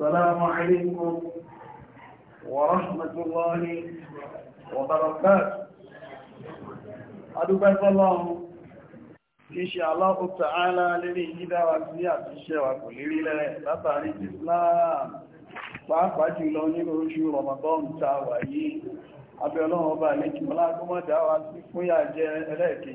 السلام عليكم ورحمة الله وبركاته adúgbẹ́ fọ́lọ́run kí ṣe Allahu Ta'ala lérí ìdáwà sí àtúnṣẹ́wà kò lérí lẹ́ látàrí Islam pàápàá jùlọ nínú oṣù Ramadan ta wà yìí abẹ́ ọlọ́run ọba ní kí mọ́lá kó mọ́ dáwà sí fúnyà jẹ́ ẹlẹ́ẹ̀kejì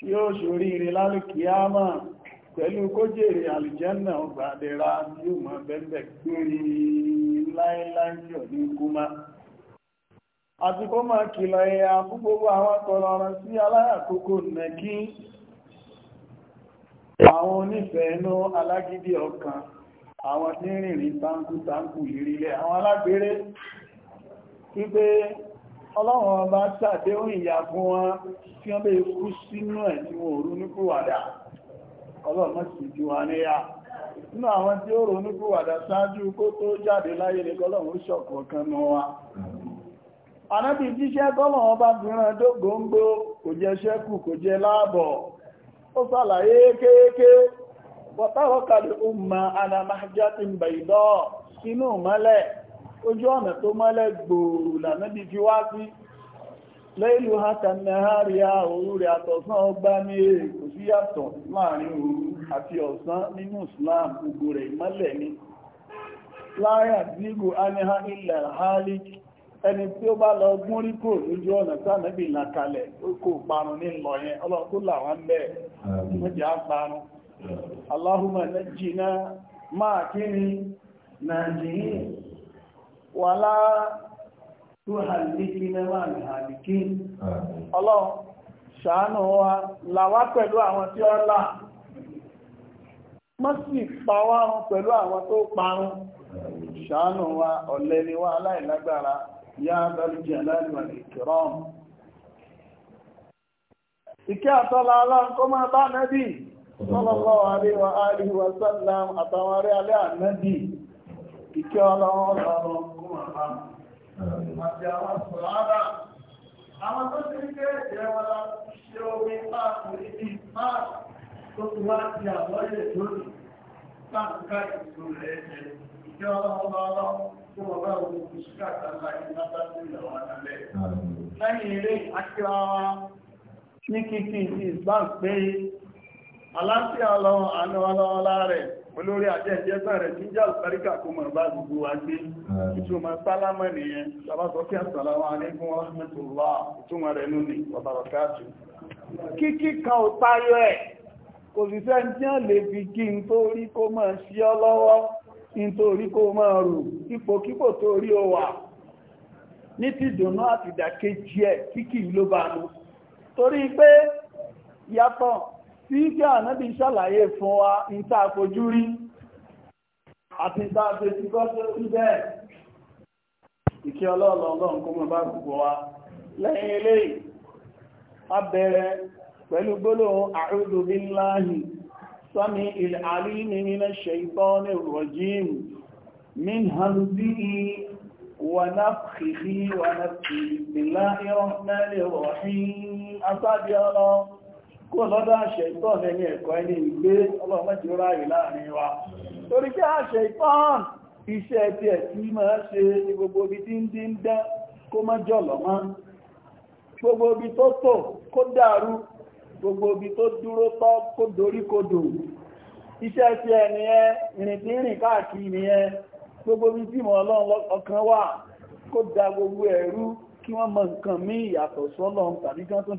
tí ó ṣoríire lálùkíyámà pẹ̀lú kó jèrè àlùjẹ́nà ọgbà àdẹ́ra tí ó mọ̀ bẹ́ẹ̀bẹ̀ gbérí láíláí tí ò ní kú má àti kó máa kìlọ̀ ẹ̀yà fún gbogbo àwọn tọrọrọ sí aláyàkókò nẹ́kí àwọn onífẹ̀ẹ́nú alágídí ọkàn àwọn tí rìnrìn tánkù tánkù ìrìlẹ̀ àwọn alágbèrè ọlọ́run ọba ṣàdéhùn ìyà fún wọn tí wọ́n bèé kú sínú ẹ̀ tí wọ́n rú nípòwàdà ọlọ́run sì jí wa níyà nínú àwọn tí ó rú nípòwàdà ṣáájú kó tó jáde láyé ní kọlọ́run ṣọ̀kọ̀ kan wa anábì jíṣẹ́ tọ́lọ̀wọ́n bá gbìran dógóńgbó kò jẹ ṣẹ́kù kò jẹ láàbọ̀ ó sàlàyé kéèké ó ma ojú ọ̀nà tó mọ́lẹ̀ gbòòrò lànàbí fi wá sí lẹ́ìlú hatanahari a òru rẹ̀ àtọ̀sán ọgbá ní èrè sí yàtọ̀ láàrin òru àti ọ̀sán nínú Islam gbogbo rẹ̀ ìmọ́lẹ̀ ni láàrin àdígò aniha ilẹ̀ halik ẹni tí ó bá lọ gún rí kò lójú ọ̀nà tánàbí làkalẹ̀ ó kò parun ní lọ yẹn ọlọ́kú làwọn na ni wàlá tó hàlìkí mẹ́wàá ní hàlìkí ọlọ́run ṣàánú wa làwá pẹ̀lú àwọn tí ó là má sì pẹ̀lú àwọn tó parun ṣàánú wa ọ̀lẹ ni wa aláìlágbára yá dálújì ìkẹ́ ọlọ́run ọlọ́run ọlọ́pàá àti àwọn sọ̀rọ̀ àwọn tó ti ń kéré jẹ́ wọn la ṣe omi páàkì níbi páàkì tó ti wá ti àwọ́lẹ̀ lónìí páàkì káàkiri tó rẹ̀ jẹ́ ìjọ ọlọ́pàá ọlọ́pàá tó wọ́n bá wọn kò sí káàkiri láti látà sí ìlànà àtàlẹ́ lẹ́yìn eré akíra wa ní kíkí ti ìgbà pé àlàáfíà ọlọ́run àná ọlọ́run lára rẹ̀ olórí àjẹ́jẹ́ bẹ̀rẹ̀ tí ń jà àríkà kó mọ̀ bá gbogbo wa gbé ìtumọ̀ sálámà nìyẹn sábàtọ̀ kí àsàlámà alékún ọ̀hánmẹ́tòlá ìtumọ̀ rẹ̀ nù ní ọ̀bàrọ̀káàtù kíkí kan ò tayọ ẹ̀ kò sì sẹ́ ń jẹ́ lè fi kí n tó rí kó máa sí ọ lọ́wọ́ n tó rí kó máa rù ipò kípò tó rí o wà ní ti dùnú àtìdàkejì ẹ̀ kíkì ló bá lọ torí pé yàtọ̀ tí kí ànábì ṣàlàyé fún wa ní tá a fojú rí àti tá a fèsì kọ́ sí bẹ́ẹ̀ ìkẹ́ ọlọ́ọ̀lọ́ ọlọ́run kó mọ́ bá gbogbo wa lẹ́yìn eléyìí a bẹ̀rẹ̀ pẹ̀lú gbólóhùn a'udhu billahi sami al-alimi minash shaytanir rajim min hamzihi wa nafthihi wa nafthihi billahi rahmanir rahim asábíọ́lọ́run kó lọ́dọ̀ àṣẹ ìtọ́ ẹni ẹ̀kọ́ ẹni ìgbé ọlọ́mọ́jì ráyì láàrin wa torí kí àṣẹ ìtọ́n iṣẹ́ ti ẹ̀tí máa ṣe gbogbo ibi tí ń dí ń gbogbo ibi tó tò kó dàrú gbogbo ibi tó dúró tọ́ kó dorí iṣẹ́ ti ẹni ẹ ìrìn tí ń rìn káàkiri nìyẹn gbogbo ibi tí mọ̀ ọkàn wà kó da gbogbo ẹ̀rú kí wọ́n mọ nǹkan míì yàtọ̀ tàbí kí wọ́n tún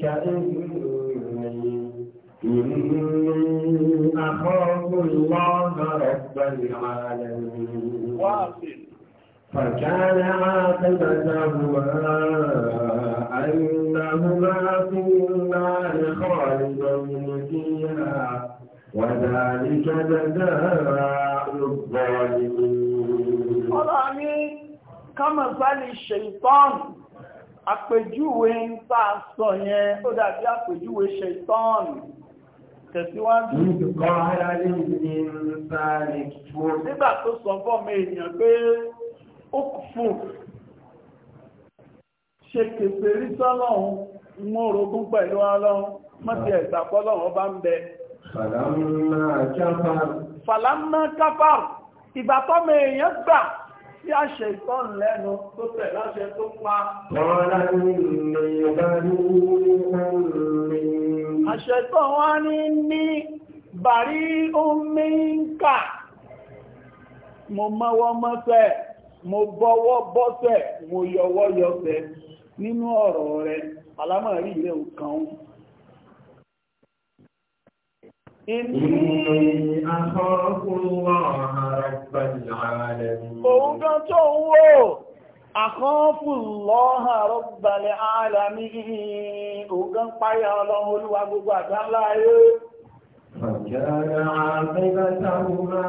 كإني إني أخاف الله رب العالمين واصل فكان عاقبتهما أنهما في النار خالدين فيها وذلك جزاء الظالمين. طبعا كما قال الشيطان àpèjúwe ń bá sọ yẹn ó dàbí àpèjúwe ṣetán tẹ̀síwájú nígbà tó sọ fọ́mọ èèyàn pé ó fò ṣe kèfè rí sọ́lọ́run mú orogún pẹ̀lú ọlọ́run mọ́tí ẹ̀sà bá ń bẹ fàlámà káfàr ìgbà èèyàn gbà sí àṣẹ ìtọ́n lẹ́nu tó tẹ̀ láṣẹ tó pa. Ọ̀rọ̀ ni ìgbà ní omi. Àṣẹ tó wá ní ní bàrí omi ń kà. Mo mọ́wọ́ mọ́sẹ̀, mo bọ́wọ́ bọ́sẹ̀, mo yọwọ́ yọsẹ̀ nínú ọ̀rọ̀ rẹ̀, alámọ̀ rí ilé òkan Inni akhafu Allaha rabbal alamin. Òun kan tó ń wò, akhafu Allaha rabbal alamin. Òun kan páyà ọlọ́run olúwa gbogbo àgbáńlá ayé. فكان عاقبتهما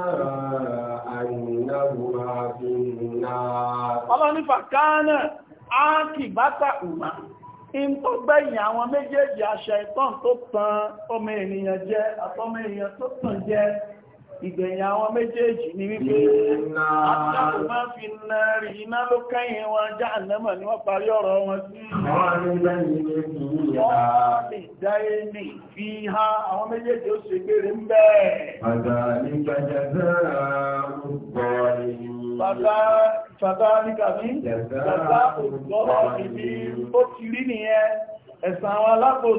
أنهما في النار. Ọlọ́run ní in tó gbẹ̀yìn àwọn méjèèjì àṣẹ ìtàn tó tàn ọmọ ènìyàn jẹ àtọmọ ènìyàn tó tàn jẹ ìgbẹ̀yìn àwọn méjèèjì ní wípé àtàkù máa fi náà rí iná ló kẹ́yìn wọn já ànẹ́mà ní wọ́n parí ọ̀rọ̀ wọn sí àwọn ẹ̀sàn àwọn alákòó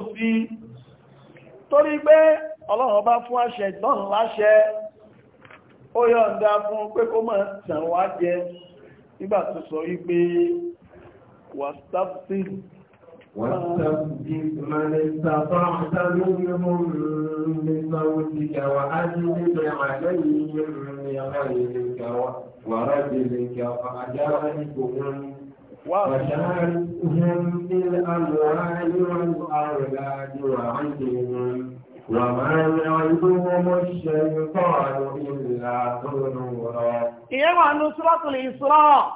torí pé ọlọ́run bá fún àṣẹ ìgbọ́n láṣẹ ó yọ̀ǹda fún pé kó mọ̀ tàn wá jẹ nígbà tó sọ wípé wàstafsir واستبدل من استطعت منهم بصوتك وأجلب عليهم بخيلك ورجلك فأجاركهم وشاركهم في الأموال والأولاد وعدهم وما يعدهم الشيطان إلا غرورا ìyẹn wà ní Suratul Isra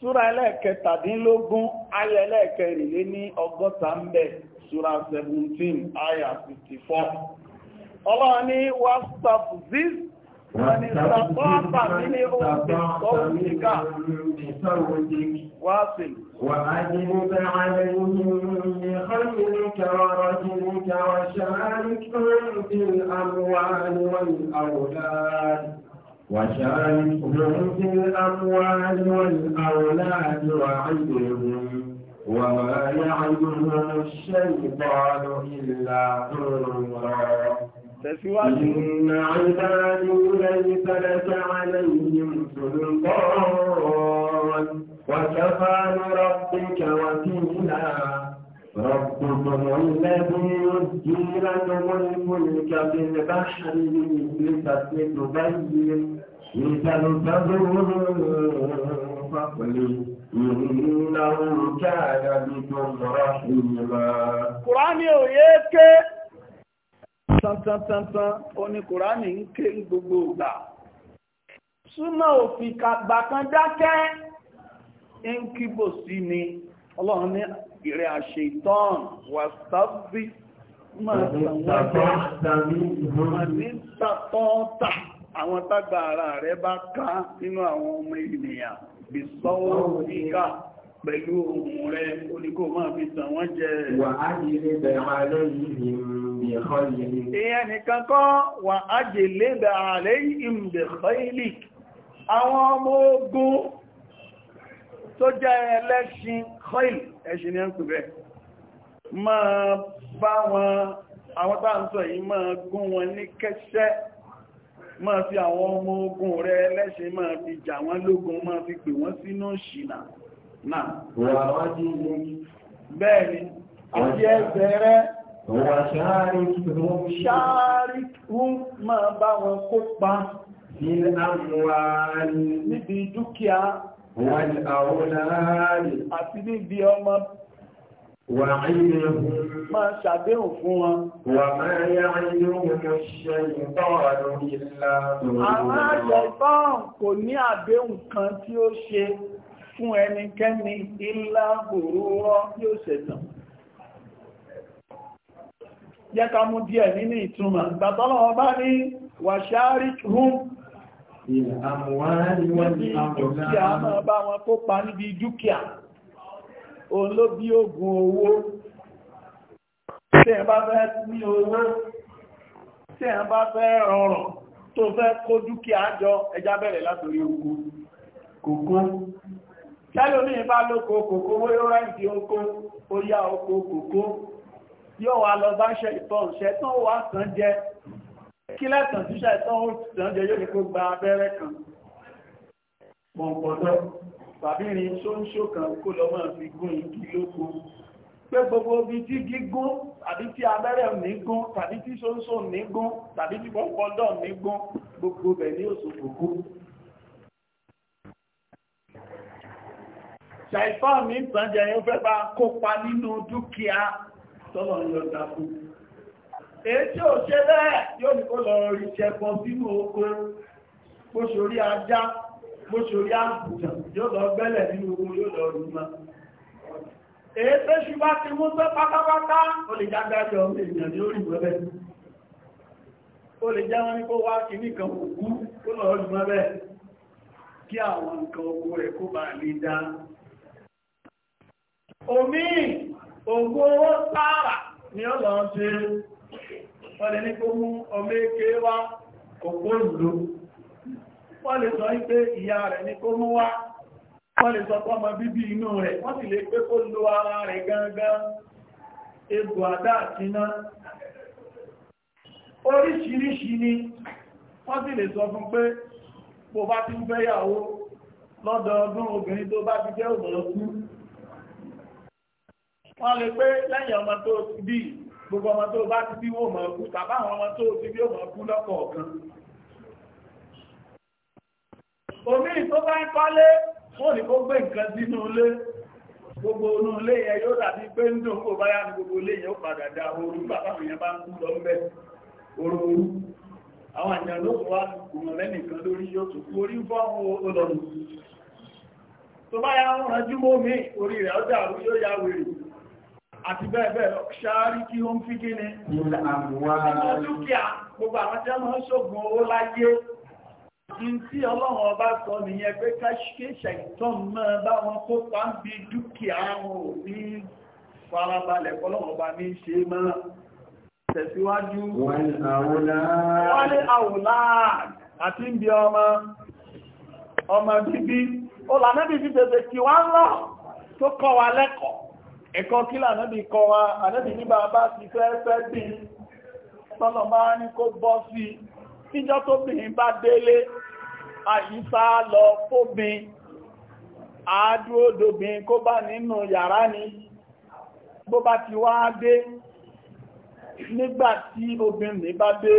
súra ẹlẹ́ẹ̀kẹtàdínlógún ayẹ ẹlẹ́ẹ̀kẹrìnlé ní ọgọ́ta ń bẹ súra 17 ayà 54 ọlọ́run ní wastafziz واستطعت منهم بصوتك واصل وأجلب عليهم بخيرك ورجلك وشاركهم في الأموال والأولاد وشاركهم في الأموال والأولاد وعدهم وما يعدهم الشيطان إلا غرورا إن عبادي ليس لك عليهم سلطان وكفى بربك وكيلا ربكم الذي يزجي لكم الملك في البحر لتبين لتبتغوا من فضله إنه كان بكم رحيما. قرآن يويك tántántán oní kùránì ń ké gbogbo ìgbà súnà òfin kàgbà kan dákẹ́ ń kíbò sí ni ọlọ́run ní ìrẹ́ àṣẹ ìtàn wàsáàbí màtàtọ́ta àwọn tágbà ara rẹ̀ bá ká nínú àwọn ọmọ ènìyàn bí sọ́wọ́ ìkà pẹ̀lú ohun rẹ̀ oníkò máa fi tàn wọ́n jẹ wà á yìí ní bẹ̀rẹ̀ Ìyẹn nìkan kọ́ wà ájè lébẹ̀ ààrẹ ìmìdẹ̀kọ́ ilé. Àwọn ọmọ ogun tó jẹ́ ẹlẹ́ṣin kọ́ìl ẹ̀ṣin ni ń pè bẹ́. Máa bá wọn, àwọn táàntọ̀ yìí máa gún wọn ní kẹ́ṣẹ́, máa fi àwọn ọmọ ogun rẹ ẹlẹ́ṣin máa fi jà wọ́n lógun, máa fi pè wọ́n sínú ṣìnà náà. Bẹ́ẹ̀ni, àti Wọ̀ṣáríkùn ṣáríkùn máa bá wọn kópa ní àmúwárí níbi dúkìá wọ́n àwọ́láàrí àti níbi ọmọ wà ayéhùn máa ṣàdéhùn fún wọn wà máa yá ayéhùn ṣe ìtọ́ọ̀rọ̀ ìlà àwọn àjọ̀gbọ́n kò jẹ́ ká mú díẹ̀ nínú ìtumọ̀ gbàtọ́lọ́wọ́ bá ní wàṣáríkún òun ló bí ogun owó tí ẹ bá fẹ́ ní owó tí ẹ bá fẹ́ rọrọ̀ tó fẹ́ kó dúkìá jọ ẹjá bẹ̀rẹ̀ látorí oko kòkó tẹ́lómi bá lóko kòkó wó yóò rẹ́ ìdí oko ó yá oko kòkó yóò wá lọ bá ṣe ìtọ́rù ṣẹ́tán wà tán jẹ kí lẹ́tàn tí ṣẹ́tán ó tàn jẹ yóò ní kó gba abẹ́rẹ́ kan pọ̀npọ̀dọ́ tàbírin ṣóńṣó kan kó lọ máa fi gún igi lóko pé gbogbo ibi tí gígún tàbí tí abẹ́rẹ́ ní gún tàbí tí ṣóńṣó ní gún tàbí tí pọ̀npọ̀dọ́ ní gún gbogbo bẹ̀ ní òṣòkòkò ṣàìfáà mi tàn jẹ yóò fẹ́ bá kópa nínú dúkìá tọ́lọ̀ ń yọ dákú èyí tí ò ṣe bẹ́ẹ̀ yóò ní kó lọ rí ṣẹpọ̀ sínú oko bó ṣorí ajá mo ṣorí àgùntàn yóò lọ gbẹ́lẹ̀ nínú oko yóò lọ rú ma èyí tó ṣùgbọ́n ti mú tẹ́ pátápátá ó lè jágbájọ ọmọ èèyàn ní orí ìwẹ́bẹ̀ ó lè jẹ́ wọn ní kó wá kìíní kan òkú ó lọ rú ma bẹ́ẹ̀ kí àwọn nǹkan oko rẹ̀ kó bá lè dá omi òǹkó owó tààrà ni ó lọ ṣe wọ́n lè ní kó mú ọmọ èké wá òpó ìlú wọ́n lè sọ wípé ìyá rẹ̀ ní kó mú wá wọ́n lè sọ pé ọmọ bíbí inú rẹ̀ wọ́n ni wọ́n sì lè sọ fún pé bó bá ti ń fẹ́yàwó lọ́dọọdún obìnrin tó bá ti jẹ́ òbọ̀lọ́kú wọ́n lè pé lẹ́yìn ọmọ tó ti bí gbogbo ọmọ tó bá ti bí wọ́n mọ̀ tàbá àwọn ọmọ tó ti bí ọmọ ọkú lọ́pọ̀ ọ̀kan omi tó bá ń ní gbé nǹkan sínú gbogbo inú ilé yóò dàbí pé ń dùn kó báyá ní gbogbo ilé yẹn ó padà bá ń lọ ń bẹ ooru àwọn ló lórí yóò àti bẹ́ẹ̀ bẹ́ẹ̀ lọ ṣáárí kí ó ń fi kí ni dúkìá gbogbo àwọn tí wọ́n ṣògùn owó láyé ní tí ọlọ́run ọba sọ nìyẹn pé káṣíkéṣà ìtọ́n náà bá wọn kó pa ń bi dúkìá wọn ò ní farabalẹ̀ kọ́lọ́run ọba ní ṣe máa tẹ̀síwájú wọ́n ní àwòlá àti ń bi ọmọ ọmọ bíbí ó lànà bíbí tẹ̀sẹ̀ kí wọ́n lọ tó kọ́ wa lẹ́kọ̀ọ́ ẹ̀kọ́ kí lànàbì kọ wa ànàbì ní bàbá ti fẹ́ fẹ́ bí tọ́lọ bá ní kó bọ́ sí tíjọ́ tó bìnrin bá délé àyíṣà lọ fóbin àádúódòbin kó bá nínú yàrá ni bó bá ti wá dé nígbàtí obìnrin bá dé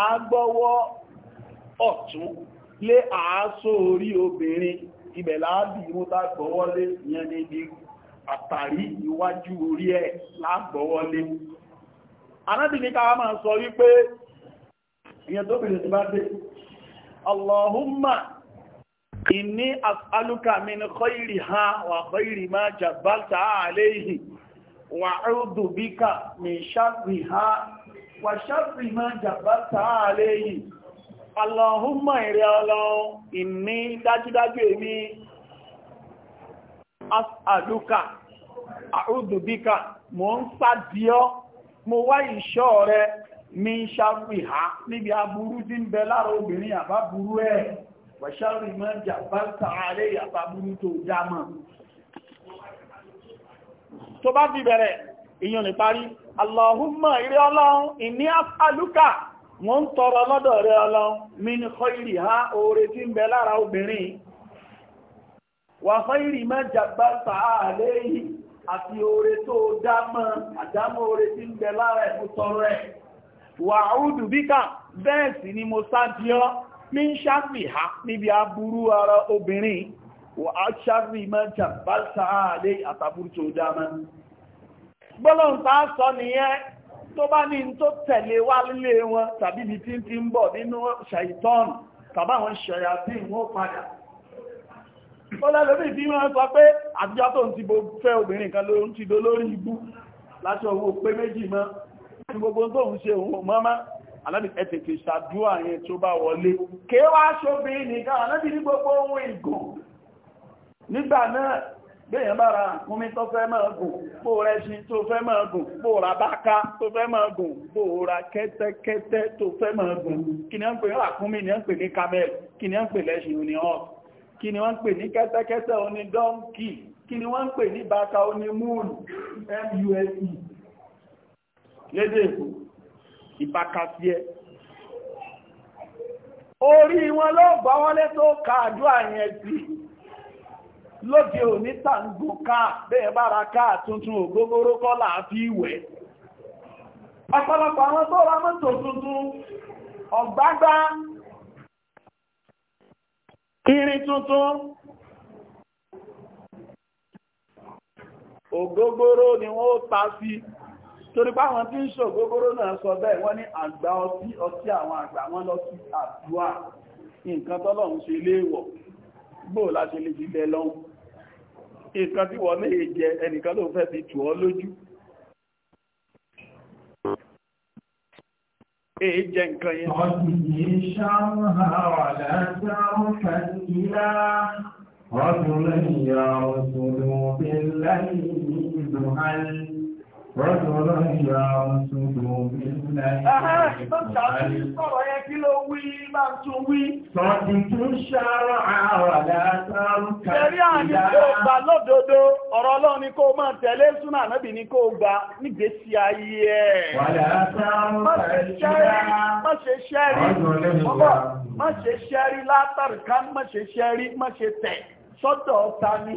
àágbọ́wọ́ ọ̀tún lé àásó orí obìnrin ibẹ̀ láàbì mú tá gbọ́wọ́lé yẹn ní ibi àtàrí iwájú orí ẹ̀ lágbọ́wọ́lé anábìnrin ká máa sọ wípé ìyẹn tó bèèrè ti bá dé allahumma inni as'aluka min khairi ha wa khairi ma jabbalta alayhi wa a'udhu bika min sharri ha wa sharri ma jabbalta alayhi allahumma ire ọlọ́run inni dájúdájú èmi as'aluka a'udhu bika mo ń sádíọ́ mo wá ìṣọ́ rẹ mi ń ṣàrùn ìhá níbi aburú tí ń bẹ lára obìnrin àbábúrú ẹ̀ wẹ̀ṣàrùn ìmọ̀ jà bá tààrẹ àbábúrú tó dámọ̀ tó bá fi bẹ̀rẹ̀ ìyàn lè parí Allahumma ire ọlọ́run ìní as'aluka mo tọrọ lọ́dọ̀ rẹ ọlọ́run min khairiha oore tí ń bẹ lára obìnrin wà fáyìrì má jàgbá tàà lẹ́yìn àti oore tó dámọ́ àdámọ́ oore tí ń bẹ lára ẹ̀kú tọrọ ẹ̀ wà áúdù bíkà bẹ́ẹ̀sì ni mo sáàdìọ́ ní ṣáàfì ha níbi aburú ara obìnrin wà á ṣáàfì má jàgbá tàà àtàbúrú tó dámọ́ a sọ tó bá ní tó tẹ̀lé wá lílé wọn tàbí ibi tí ń ń bọ̀ nínú ṣàìtọ́n tàbáwọn padà ọlọ́lọ́bí tí wọ́n sọ pé àtijọ́ tó ń ti bó fẹ́ obìnrin kan ló ń ti dó lórí ibú láṣọ owó pé méjì mọ́ ní gbogbo tó ń ṣe òun mọ́má alábi ẹ̀tẹ̀kì ṣàdúrà yẹn tó bá wọlé kéwà ṣóbìnrin nìkan alábi ní gbogbo ohun ìgùn nígbà náà béèyàn bá ra kúnmí tó fẹ́ máa gùn bó rẹṣin tó fẹ́ máa gùn bó ra báká tó fẹ́ máa gùn bó ra kẹ́tẹ́kẹ́tẹ́ tó fẹ́ máa gùn kí ni a ń pè ní ràkúnmí ni a ń pè ní camel kí ni a ń pè lẹ́ṣin ni ọ́ọ̀tù kí ni wọ́n ń pè ní kẹ́tẹ́kẹ́tẹ́ oní dọ́ǹkì kí ni wọ́n ń pè ní bàtà oní múùlù muse lédè èkó ìbákasíẹ́ orí wọn ló bá wọn lé tó kàájú àyẹn sí lóde òní tàǹgbò káà bẹ́ẹ̀ bára káà tuntun ògógóró kọ́là àfi ìwẹ̀ ọ̀pọ̀lọpọ̀ àwọn tó ra tuntun ọ̀gbágbá irin tuntun ogogoro ni wọn wọ́n ta sí torí páwọn tí ń ṣe ogogoro náà sọ bẹ́ẹ̀ wọ́n ní àgbà ọtí ọtí àwọn àgbà wọ́n lọ sí àdúrà nǹkan tọ́lọ́run ṣe léèwọ̀ gbóò láti lè jílẹ̀ lọ́hùn nǹkan tí wọ́n lè jẹ ẹnìkan ló fẹ́ fi tù ọ́ lójú èyí jẹ nǹkan yẹn. Ọ̀dìdì ṣáwọ́há wà látàrún kàkílá, ọdún lẹ́yìn àwọn òṣèlú bí lẹ́yìn ìlú àìyí. Wọ́dọ̀lọ́yà ọ̀sọ̀dọ̀ Sọ́dí tó ṣàrọ̀ àwàdà sáàrùkà. Ṣẹ̀rí àní kó gbà lódodo, ọ̀rọ̀ Ọlọ́run ni kó máa tẹ̀lé súnà náàbì ni kó gbà nígbésí ayé ẹ̀. Wàdà sáàrùkà ṣẹ́rí, má ṣe ṣẹ́rí, má ṣe ṣẹ́rí látàrí ká má ṣe ṣẹ́rí, má ṣe tẹ̀, sọ́dọ̀ ta ni.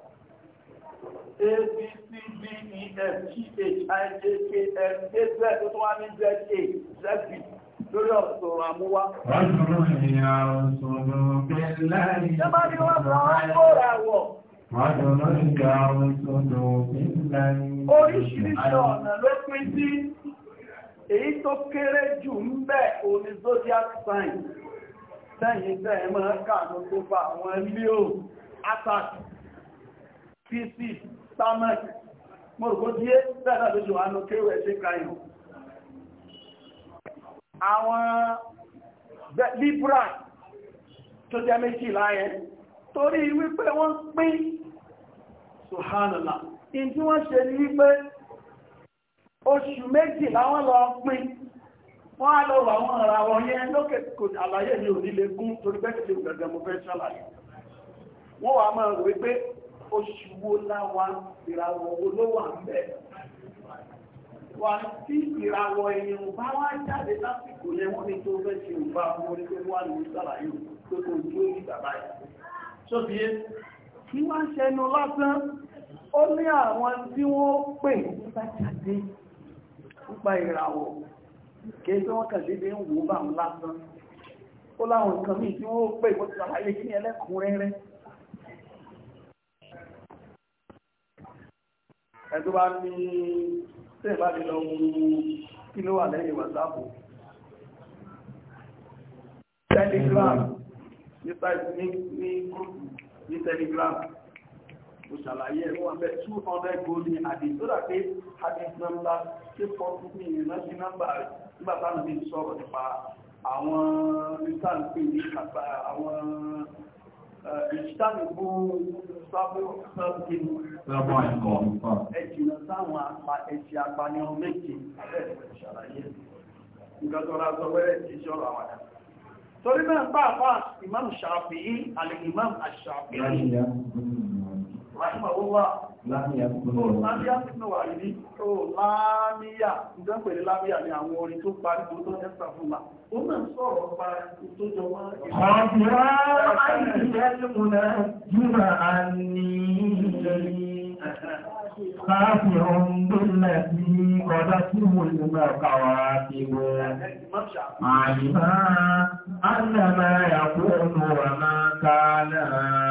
b c d e f g h i j k l k z tó tún wá ní z a z b lórí ọ̀sọ̀rọ̀ àmúwá. wọ́n tún rìn àrùsọ̀rọ̀ bẹ́ẹ̀ láì Oríṣiríṣi ọ̀nà ló pín sí èyí tó kéré jù ń bẹ òní zodiac sign sẹ́yìn tẹ́ẹ̀mọ́ káàkiri tó bá àwọn ilé ò attack pieces stamach mọ̀rùkú tí é bẹ́ẹ̀ tó jù wánú kéwẹ̀ sí káyàn àwọn libra tó jẹ́ méjì láyẹn torí wípé wọ́n pín ṣùhánàlá in tí wọ́n ṣe ní wípé oṣù méjì láwọn lọ pín wọ́n á lọ wà wọ́n ara wọn yẹn lókè kò àlàyé ní onílé gún torí bẹ́ẹ̀ tí ó gẹ̀gẹ̀ mo wọ́n wà máa wípé oṣù wo láwa ìràwọ̀ wo ló wà ń bẹ̀. Wà tí ìràwọ̀ èèyàn bá wá jáde lásìkò yẹn wọ́n ní tó fẹ́ ṣe òbá wọn orí pé wà ní sàlàyé pé kò tí ó ní bàbá yìí. Sọ́bí yé, kí wá ń ṣẹnu lásán, ó ní àwọn tí wọ́n pè nípa jáde nípa ìràwọ̀. Kì í tí wọ́n kàn dédé ń wò bá wọn lásán. Ó láwọn nǹkan míì tí wọ́n pè kó sàlàyé kí ni ẹlẹ́kùnrẹ́rẹ́. ẹ̀tọ́ bá ní tẹ́ bá lè lọ mú kí ló wà lẹ́yìn whatsapp telegram ní gúrùpù ní telegram mo ṣàlàyé ẹ̀rọ wọn bẹ́ 200 gold ní àdì tó dà pé hadith number tí fọ́nkú ní ìrántí nọ́mbà rẹ̀ nígbà táwọn ti sọ̀rọ̀ nípa nípa àwọn ìṣàlùkú sábẹ́sọ́gbìn ẹ̀jìnà sáwọn ẹ̀ṣì apanirun méje ṣàlàyé ìgbàtọ̀rọ̀ àtọ̀wẹ́rẹ̀ ti ṣọ́rọ̀ àwàdà torí náà bá àpá ìmáàmù Ṣàfi'í àlè ìmáàmù àṣàfihì lámíyà tó wà ní tó lámíyà ìjọ́pẹ̀lẹ̀ lámíyà ni àwọn orin tó pa ní tó ẹ́sà fún ma ó náà sọ̀rọ̀ pa tó jọ wọ́n ọ̀dọ́ àìyẹ́ lómúnà jùlọ àní káàkì ọ̀ndọ́lẹ̀ ní ọ̀dá tí mo lè mọ̀ kàwà ti wọ́ àyíká annàmà yàkó ọ̀nà wà máa káà náà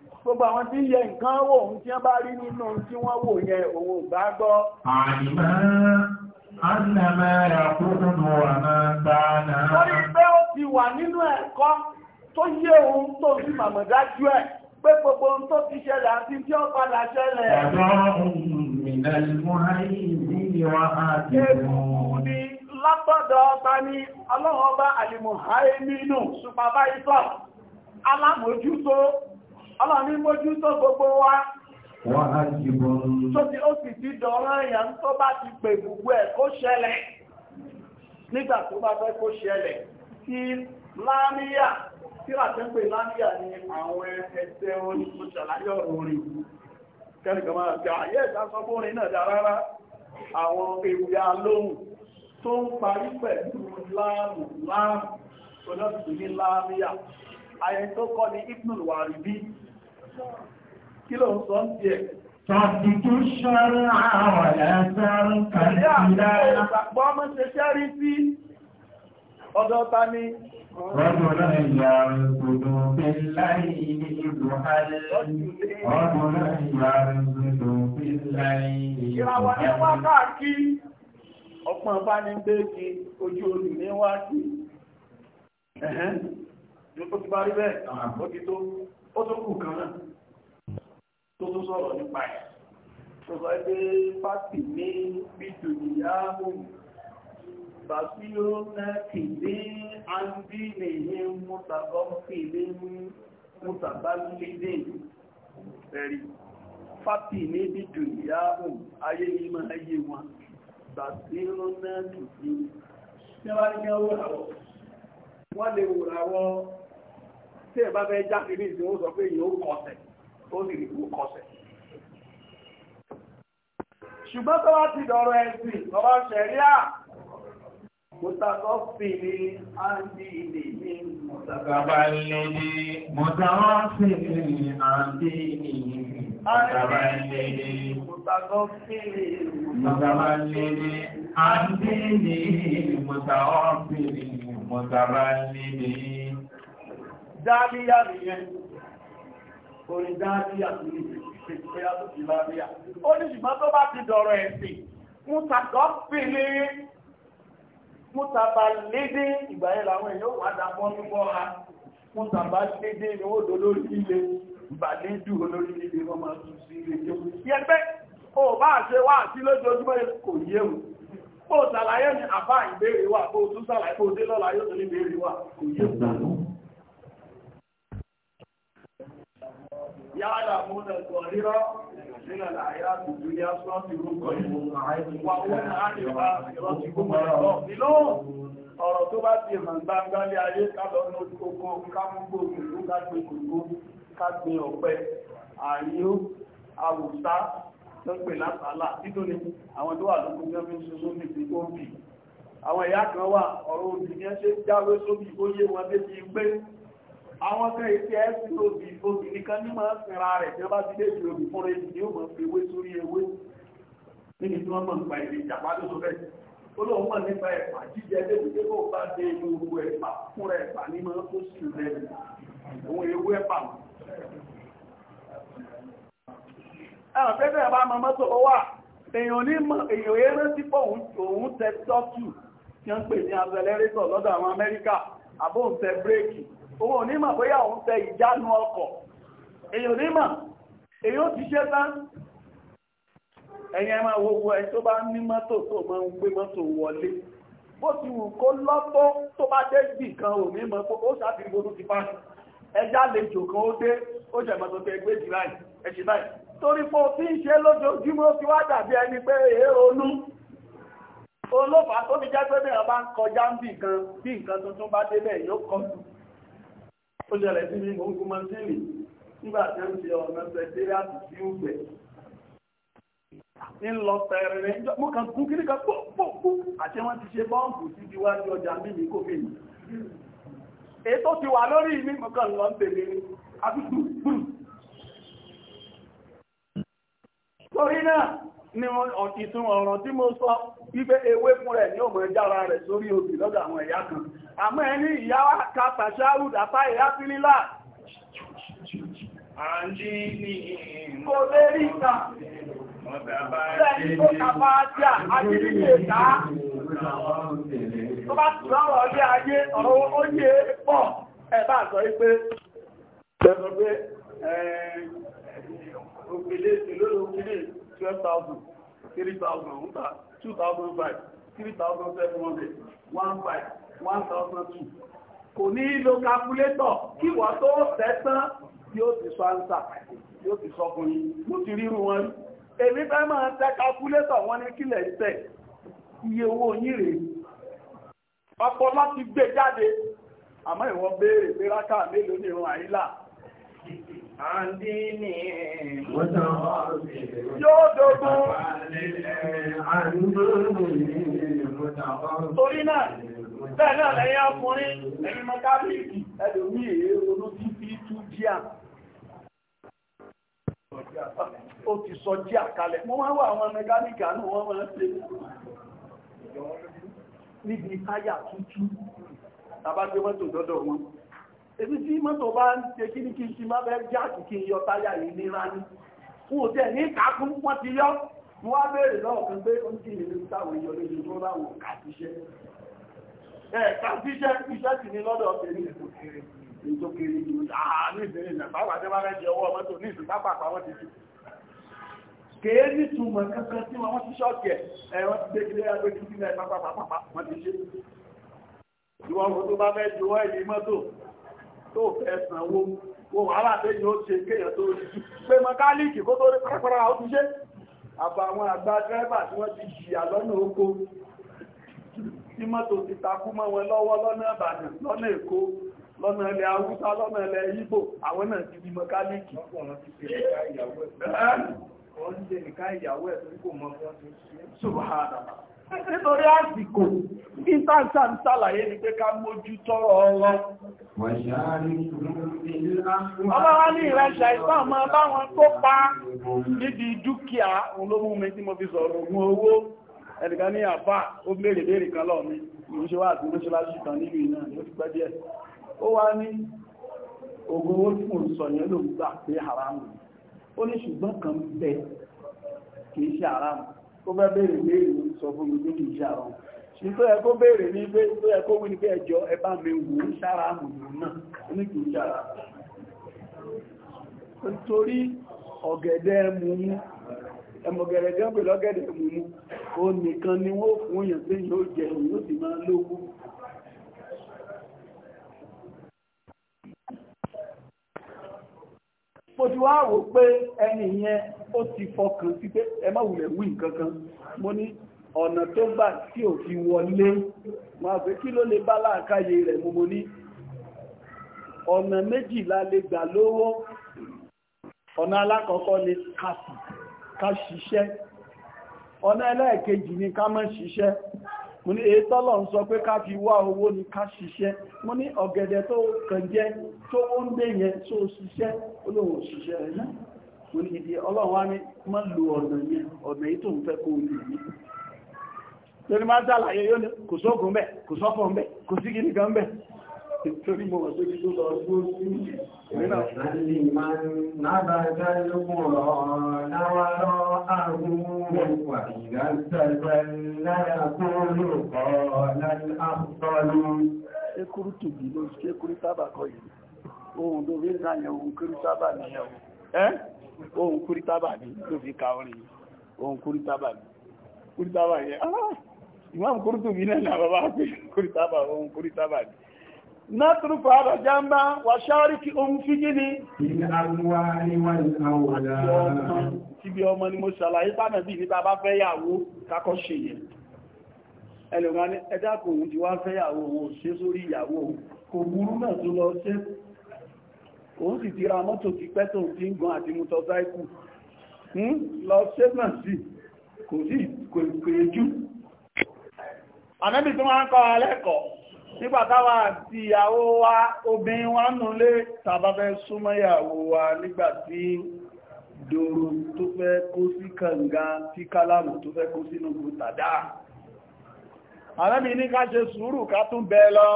gbogbo àwọn tí yẹ nǹkan wò ń tí wọ́n bá rí nínú tí wọ́n wò yẹ òun ìgbàgbọ́. àìmọ́ ánàmẹ́ àkókòrò àmà gbáàna. lórí pé ó ti wà nínú ẹ̀kọ́ tó yé òun tó fi màmọ̀dájú ẹ̀ pé gbogbo ohun tó ti ṣẹlẹ̀ àti tí ó padà ṣẹlẹ̀. ẹ̀rọ ìrìnà ìmọ̀ ayé ìrìnà àti ìrìnà ọlọ́ni mójú tó gbogbo wa wọ́n á jí bọ́ tó ti ó sì ti dọ̀rọ̀ èèyàn tó bá ti pè gbogbo ẹ̀ kó ṣẹlẹ̀ nígbà tó bá fẹ́ kó ṣẹlẹ̀ tí láníyà tí àti ń pè láníyà ni àwọn ẹsẹ̀ orin tó ṣàlàyé orin kẹ́nìkan máa gbà ayé ìdásọ́gbórin náà dá rárá àwọn ewìyà lóhùn tó ń parí pẹ̀lú láàmù láàmù olóòtú ní láníyà ayẹ tó kọ́ ni ibnul wàríbí kí ló ń sọ ń tiẹ̀. Tọ̀tìtù ṣọ́rọ̀ àwọn ẹ̀sẹ̀rù kan sí lára. Ìyá àwọn ìgbàgbọ́ ọmọ ṣe ṣẹ́rí sí ọ̀dọ̀ ta ni. Rọ́dùnà ìyá ìgbòdò pínláì ní ìlú Hálẹ́. Rọ́dùnà ìyá ìgbòdò pínláì ní ìlú Hálẹ́. Ìràwọ̀ ní wákàkí, ọ̀pọ̀ bá ní gbé kí ojú olù ní wákàkí. Ẹ̀hẹ́n, ó ti bá rí bẹ́ẹ̀, ah. ó ti tó. ó tún kù kan náà tó tún sọ̀rọ̀ nípa ẹ̀ sọ pé pátì ní bìtòníyà òun bàbíó náà kì ní àǹdí nìyẹn mọ́tàgọ́fì ní mọ́tàbálídé ẹ̀rí fápì ní òun ayé ní máa wọn bàbíó náà kì tí ẹ bá fẹ́ jáde ní ìsìn ó sọ pé yóò kọsẹ̀ ó sì rí kú kọsẹ̀. ṣùgbọ́n tó bá ti dọ̀rọ̀ ẹ̀sìn ọ̀rọ̀ ṣẹ̀ríà mùtàkọ́fìlì àndìlì ní mùtàkàbàlẹ́dì mùtàwọ́fìlì àndìlì mùtàkàbàlẹ́dì mùtàkọ́fìlì mùtàkàbàlẹ́dì àndìlì mùtàwọ́fìlì mùtàkàbàlẹ́dì dáríyà nìyẹn orin dáríyà tó ní ìpínlẹ̀ tó ti láríyà ó ní ṣùgbọ́n tó bá ti dọ̀rọ̀ ẹ̀sìn mútàkọ́ pèlè mútàbà lédè ìgbà yẹn làwọn èèyàn wà dàpọ̀ nígbọ́ ha mútàbà lédè ni ó dò lórí ilé ìbàlẹ́jù olórí ilé wọn máa tún sí ilé tó yẹgbẹ́ ó bá ṣe wá sí lójoojúmọ́ kò yéwu ó ṣàlàyé ní àbá ìbéèrè wà kó tún ṣàlàyé kó dé lọ́la yóò tún ní ìbéèrè wà kò yéwu yáàlà múnà sọ̀rírọ́ nínà láyá tùtù ní asọ́sì rúkọ ọ̀rọ̀ tó bá ti hàn gbangba lé ayé kálọ̀ ní oko kámúgbò ìlú kágbé kòkó kágbé ọ̀pẹ àyíó àwùsá tó pè látàlá nítorí àwọn tó wà lókùn jẹ́ fi ń ṣe sóbì sí òbí àwọn ìyá kan wà ọ̀rọ̀ òbí ní ẹ́ ṣe jáwé sóbì ó yé wọn dé ti pé àwọn kan ètò ẹ̀sìn obì obì nìkan ní máa ń sinra rẹ̀ tí wọ́n bá ti dé ju obì fúnra ẹ̀sìn ni ó máa ń fi ewé sórí ewé níbi tí wọ́n mọ̀ nípa èdè ìjàpá tó sọ bẹ́ẹ̀ ó lóun mọ̀ nípa ẹ̀fà jíjẹ débi tí kò bá dé inú owó ẹ̀fà fúnra ẹ̀fà ní máa ń kó sí rẹ̀ òun ewé ẹ̀fà ẹ̀rọ pé bẹ́ẹ̀ bá mọ mọ́tò ó wà èèyàn ní èèyàn eré tí pọ̀ òun tẹ tọ́tù tí wọ́n pè ní azẹlẹ́rétọ̀ lọ́dọ̀ àwọn Amẹ́ríkà àbóǹtẹ bírèkì òun ò ní mọ̀ bóyá òun tẹ ìjánu ọkọ̀ èyàn ní mọ̀ ti ṣe tán ẹ̀yìn ẹ̀mà wo ẹ̀ tó bá ní mọ́tò tó máa ń gbé mọ́tò wọlé bó ti wù kó lọ́tọ́ tó bá dé bì kan ó ti pa ẹjá kan ó dé ó tó o ti ń ṣe lójoojúmọ́ ti wá dàbí ẹni pé èé ronú olófà tó fi jẹ́ bí wọ́n bá ń kọjá ń ó ṣẹlẹ̀ sí ní gbogbo mọ́sílì nígbà tí ó ń ṣe ọ̀nà sẹ̀tẹ́rì àti sí ògbẹ̀ ń lọ tẹ̀rẹ̀ rẹ̀ mọ́ kan kún kí níkan pọ́pọ́pọ́ àti wọ́n ti ṣe bọ́ǹkù sí iwájú ọjà mímí kò fi ètò ti wà lórí mi mọ́kàn lọ tèmi àti gbùgbùrù torí náà ní ìtún ọ̀rọ̀ tí mo sọ wípé ewé fún rẹ̀ ní ọmọ ìjára rẹ̀ sórí obì lọ́dọ̀ àwọn ẹ̀yà kan àmọ́ ẹni ìyá kàtà ṣáàrù dàtà ìyá sílílà kò lè rí ìta ìlú òkèlè twelve thousand three thousand ń two thousand five three thousand seven hundred one five one thousand two kò ní lo calculator kí wọ́n tó tẹ̀sán yóò ti sọ ánsà yóò ti sọ fún yín mo ti ríru wọn rí èmi fẹ́ máa tẹ calculator wọn ní kílẹ̀ ń tẹ̀ iye owó yín rèé ọpọlọ ti gbé jáde àmọ́ ìwọ béèrè pé rákà mélòó ní ìrun àyílà àndí ní ìwọ̀n yóò dogun torí náà bẹ́ẹ̀ náà lẹ́yìn ọkùnrin ẹ̀yìn mọ́kábíìkì ẹlòmí èé olójú fi tú díà ó ti sọ díà kalẹ̀ mo máa wà àwọn mẹkáníkì àánú wọ́n máa ṣe níbi táyà tútù tàbá gbé mọ́tò dọ́dọ̀ wọn ebi tí mọ́tò bá ń ṣe kí ní kí n ṣe máa bẹ́ jáàkì kí yọ táyà yìí nira ní fún òtẹ́ ní kàákún wọ́n ti yọ́ wọ́n á bèèrè lọ́wọ́ pé ó ń kí ní lọ́dọ̀ ọ̀tẹ̀rí ètò kiri ju àárín ti ṣe ìwọ̀n tó bá fẹ́ ẹ̀yìn mọ́tò tó fẹ́ sanwó wọn wàhálà tẹ́yìn ó ṣe kéèyàn tó rí pé mọkálíìkì kó tó rí pẹ́pẹ́rẹ́ àwọn ti ṣe àbàwọn àgbà dírẹ́bà tí wọ́n ti jìyà lọ́nà oko tí mọ́tò ti takú mọ́ wọn lọ́wọ́ lọ́nà Ìbàdàn lọ́nà Èkó lọ́nà ilẹ̀ Haúsá lọ́nà ilẹ̀ Ìgbò àwọn náà ti di mọkálíìkì Subhanallah nítorí àsìkò ní tàǹtà ń sàlàyé ní pé ká mójú tọ́rọ ọlọ́ ọlọ́wà ní ìrẹsà ìsàn máa báwọn tó pa níbi dúkìá olómú tí mo fi sọ̀rọ̀ ogun owó ẹnìkan ní àbá ó mèrè mèrè kan lọ mi mo ṣe tí mo sọ yẹn haramu ó ní ṣùgbọ́n kan bẹ haramu tó bá béèrè léèrè sọ fún mi pé kì í ṣe àrùn ṣì tó yẹ kó béèrè ní pé tó yẹ kó wí ní pé ẹjọ́ ẹ bá mi wò ó sára àmùmù náà ní kì í ṣe àrà nítorí ọ̀gẹ̀dẹ̀ mùmú ẹmọ̀gẹ̀rẹ̀ gẹ́gbẹ̀ lọ́gẹ̀dẹ̀ mùmú ó nìkan ni wọ́n fún èèyàn tí yóò jẹ èèyàn sì máa lókùn mo ti wá wò pé ẹni yẹn ó ti fọkàn sí pé ẹ má wulẹ̀ wí nǹkan kan mo ní ọ̀nà tó gbà tí ò fi wọlé máa fẹ́ kí ló lè bá láàkáyé rẹ̀ mo mo ní ọ̀nà méjìlá lè gbà lówó ọ̀nà alákọ̀ọ́kọ́ ni ká ṣiṣẹ́ ọ̀nà ẹlẹ́ẹ̀kejì ni ká má ṣiṣẹ́ mo ní èyí tọ́lọ̀ ń sọ pé ká fi wá owó ni ká ṣiṣẹ́ mo ní ọ̀gẹ̀dẹ̀ tó kàn jẹ́ tó ó ń dé yẹn tó ṣiṣẹ́ olóhùn òṣìṣẹ́ rẹ̀ náà mo ní ìdí ọlọ́run wá ní má lo ọ̀nà yẹn ọ̀nà yìí tó ń fẹ́ Torí mo wọ̀n tó kí tó Ohun tó fi ní ló fi ka orin ohun kúrú sábà ní. Kúrú sábà yẹn, ah! Ìmáàmù kúrú tùbí náà ní àbábá pé kúrú sábà ohun kúrú sábà ní. نترف على جنبا وشارك أم في جني في الأموال ọmọ ni mo ṣàlàyé bá mẹ́bí ní bàbá fẹ́yàwó kakọ́ ṣe yẹn. Ẹlùmọ́ ní ẹjá kò ń ti wá fẹ́yàwó owó ṣe sórí ìyàwó kò burú náà tó lọ ṣe. Òun sì ti ra mọ́tò ti pẹ́ tó ti ń gan àti mọ́tọ̀sáìkù. Lọ ṣe náà sí kò sí kò jù. Ànábì tó máa ń kọ́ alẹ́kọ̀ọ́ nígbàtàwà àti ìyàwó wa obìnrin wa nù lé tàbábẹ́ súnmọ́yàwó wa nígbàtí dòrò tó fẹ́ kó sí kànga tí kálàmù tó fẹ́ kó sínú gbòtàdá àrẹ́bì ní ká ṣe sùúrù ká tún bẹ lọ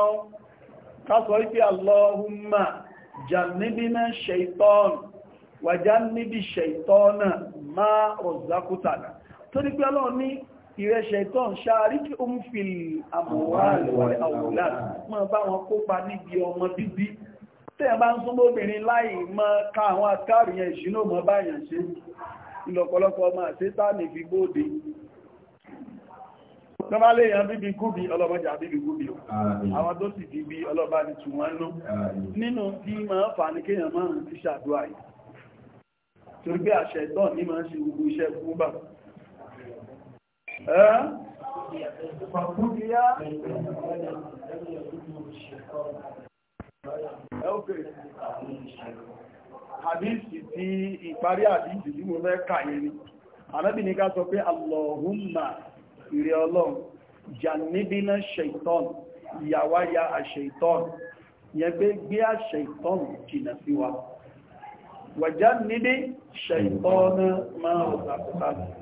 ká sọ ìpé Allahumma jannibina shaitan wa jannibi shaitana ma rozakutana tó ní pé ọlọ́run ìrẹsẹ̀ tán ṣáàrí kí ó ń fi àmọ̀wà àlùwẹ̀ àwòlá mọ́ bá wọn kópa níbi ọmọ bíbí tẹ́ bá ń súnmọ́ obìnrin láì mọ́ ká àwọn akárìyàn ìṣínú mọ́ báyàn ṣe ìlọ̀pọ̀lọpọ̀ ọmọ àti sáàmì fi gbóòdè tọ́bá lè yàn bíbí gúbí ọlọ́bọ̀jà bíbí gúbí àwọn tó sì bí bí ọlọ́bá ní tù wọ́n nú nínú tí ma ń fà ní kéèyàn máa ń ti ṣàdúrà yìí torí pé àṣẹ ìtọ́ ní ma ń ṣe gbogbo iṣẹ́ fún bàbá Okay. Hadisi ti ìparí hadisi tí mo fẹ́ kàyẹ ni. Ànábì ní ká sọ pé Allahumma ìrẹ Ọlọ́run, Jannibina Shaitan, ìyàwá ya àṣẹ̀ìtọ́n, pé gbé àṣẹ̀ìtọ́n jìnà sí wa. Wàjá níbi Shaitan máa rọ̀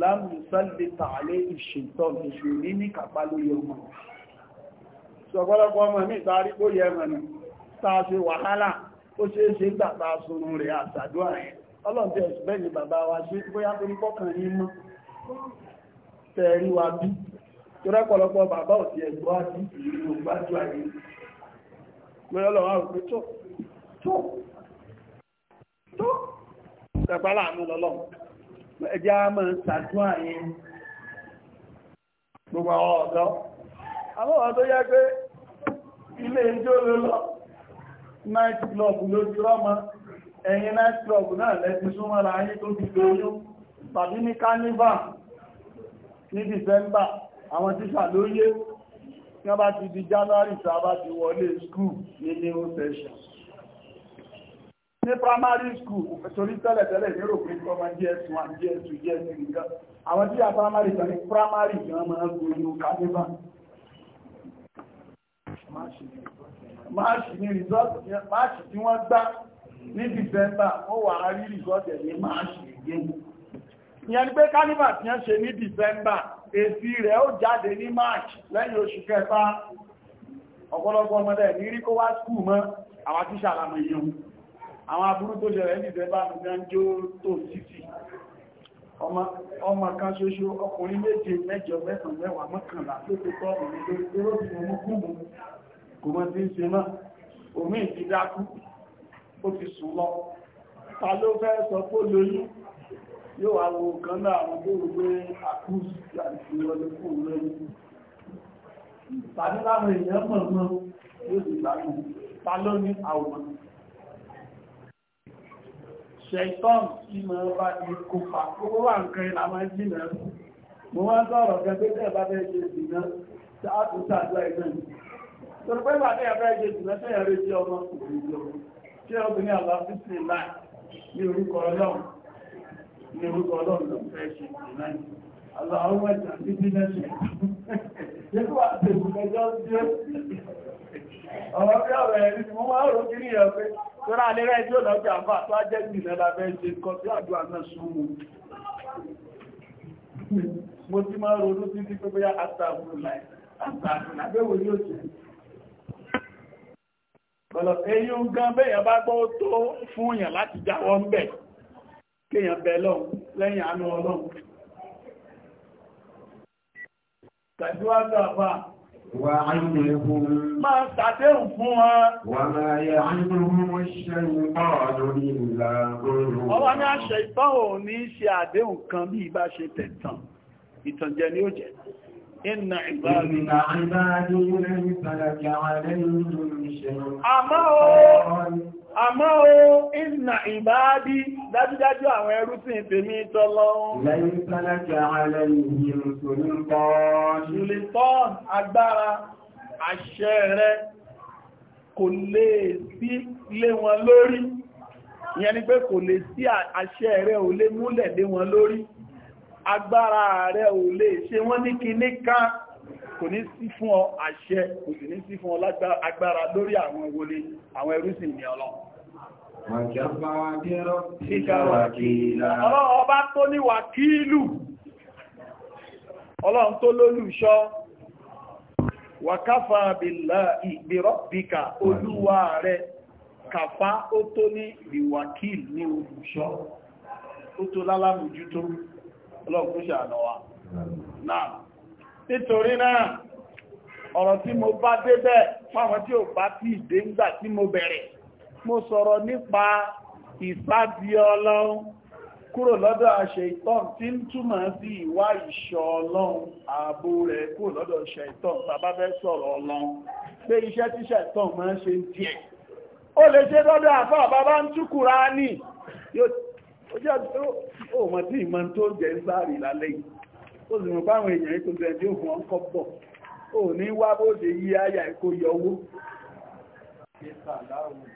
láàmù sálẹ̀ tààlé ìṣètọ́ ìṣòrí ní kàpá lórí ọmọ ṣọ̀pọ̀lọpọ̀ ọmọ ní ìtàrí kó yẹ mọ̀nà tàà ṣe wàhálà ó ṣe é ṣe gbàtà sunun rẹ̀ àtàdúrà rẹ̀ ọlọ́dẹ̀ ẹ̀sùgbẹ́ ni bàbá wa ṣe bóyá tó ń bọ́kàn yí mọ́ tẹ̀rí wa bí tó rẹ́pọ̀lọpọ̀ bàbá òtí ẹ̀gbọ́ àti ìlú gbájú ayé ẹjẹ́ a máa ṣàdúrà yẹn gbogbo àwọn ọ̀dọ́ àwọn ọ̀dọ́ tó pé ilé ijó ló night club ló ti rọ́mọ ẹ̀yìn night club náà lẹ́ti ayé tó ti lóyún tàbí ní carnival ní december àwọn wọ́n bá ti di january ti wọlé school ní primary school torí tẹ́lẹ̀tẹ́lẹ̀ ní rò pé ọmọ gs1 gs2 gs3 nǹkan àwọn tí a primary kan ní primary gan máa ń gbóyún kàdébà máàṣì ní rìsọ́ọ̀tì máàṣì tí wọ́n gbá ní December ó wà á rí rìsọ́ọ̀tì ní máàṣì yẹn ìyẹn ni pé kánívà tí wọ́n ṣe ní December èsì rẹ̀ ó jáde ní March lẹ́yìn oṣù kẹfà ọ̀pọ̀lọpọ̀ ọmọdé ní rí kó wá skúù mọ́ àwọn tíṣà àmì yìí àwọn aburú tó ṣẹlẹ̀ nìfẹ́ bá nìfẹ́ ń jó tó títì ọmọ kan ṣoṣo ọkùnrin méje mẹ́jọ mẹ́sàn mẹ́wàá mọ́kànlá ló ti kọ́ ọmọ tó tó ti mú kúrò kò mọ́ sí ṣe náà omi ti dákú ó ti sùn lọ ta ló fẹ́ sọ pé lóyún yóò wá wo kan náà àwọn tó rú pé àkúsù àti ìwọlé fún lóyún tàbí láwọn èèyàn mọ̀ mọ́ yóò sì gbádùn ta ní àwòrán ṣẹ̀tọ́n tí mọ̀ bá ní kópa gbogbo wà nǹkan ìlà máa ń jìnà mọ́ wá sọ̀rọ̀ gẹ́gẹ́ tẹ́ bá bẹ́ ṣe ìdìnà sáàtù sáàtù ẹ̀gbẹ́ mi torí pé bá tẹ́ bẹ́ ṣe ìdìnà tẹ́ ẹ̀rẹ́ tí ọmọ kò rí lọ tí ọkùnrin àlọ́ fífi láì ní orúkọ ọlọ́run ní orúkọ ọlọ́run lọ fẹ́ ṣe ìdìnà Àlọ́ àwọn ọmọ ìjà títí lẹ́sẹ̀. Ṣé kí wà á tẹ̀sùn ẹjọ́ sí ó? ọ̀rọ̀ bí ọ̀rọ̀ ẹ̀rí ni wọ́n máa rò kí ní ẹ̀fẹ́ tó rà lé rẹ̀ tí ó lọ́gbẹ̀ àfà tó á jẹ́ ìrìnlẹ̀ lábẹ́ ṣe kọ sí àdúrà náà súnmù mo ti máa ronú títí pé bóyá àtàkùn láì àtàkùn àbẹ́wò ní òṣèlú Bọ̀lọ̀ èyí ń gan bẹ́yàn bá gbọ́ tó fún èyàn láti jáwọ́ ń bẹ̀, kéyàn bẹ̀ lọ́n lẹ́yìn àánú ọlọ́run. Tàbí wá gbà fà وعدهم ما تعترفوا وما يعدهم الشيطان إلا غرورا ọwọ́ ní àṣẹ̀tàn ò ní ṣe àdéhùn kan bí ibá ṣe tẹ̀tàn ìtànjẹ ni ó jẹ́ Inna ìbáàdì lẹ́yìn sàlẹ̀ inna ìbáàdí dájúdájú àwọn ẹrú sí ìfèmí tọ́lọ́run. Lẹ́yìn sánájá alẹ́yìn ìrùsùlùpọ̀ agbára àṣẹ rẹ̀ kò lè sí lé wọn lórí. Ìyẹn ni pé kò lè sí àṣẹ rẹ̀ ò lè múlẹ̀ lé wọn lórí. Agbára rẹ̀ ò lè ṣe wọ́n ní kinní kan kò ní sí fún ọ àṣẹ kò sì ní sí fún ọ lágbára lórí àwọn wọlé àwọn ẹrúsìn ní Ọlọ́run Ọlọ́run ọba tó ní wàkílù, ọlọ́run tó lólùṣọ́, wàkáfà bìlá ìgbèrọ́bìkà olúwà rẹ̀, kàfà ó tó ní ìwàkíl ní ó tó lálámùjútó, ọlọ́run Náà, ọ̀rọ̀ tí mo bá débẹ̀ fáwọn tí ò bá tí ìdé ń gbà tí mo bẹ̀rẹ̀. mo sọ̀rọ̀ nípa ìsádi ọlọ́run kúrò lọ́dọ̀ àṣẹ̀ìtàn tí ń túmọ̀ sí ìwá ìṣọ́ ọlọ́run ààbò rẹ̀ kúrò lọ́dọ̀ àṣẹ̀ìtàn bàbá fẹ́ sọ̀rọ̀ ọlọ́run pé iṣẹ́ tí ṣẹ̀tàn máa ń ṣe ń tiẹ̀ ó lè ṣe lọ́dọ̀ àfá bàbá ń tú Kùránì ó tí ìmọ̀ tó jẹ́ ń sáàrì lálẹ́ yìí ó sì mọ̀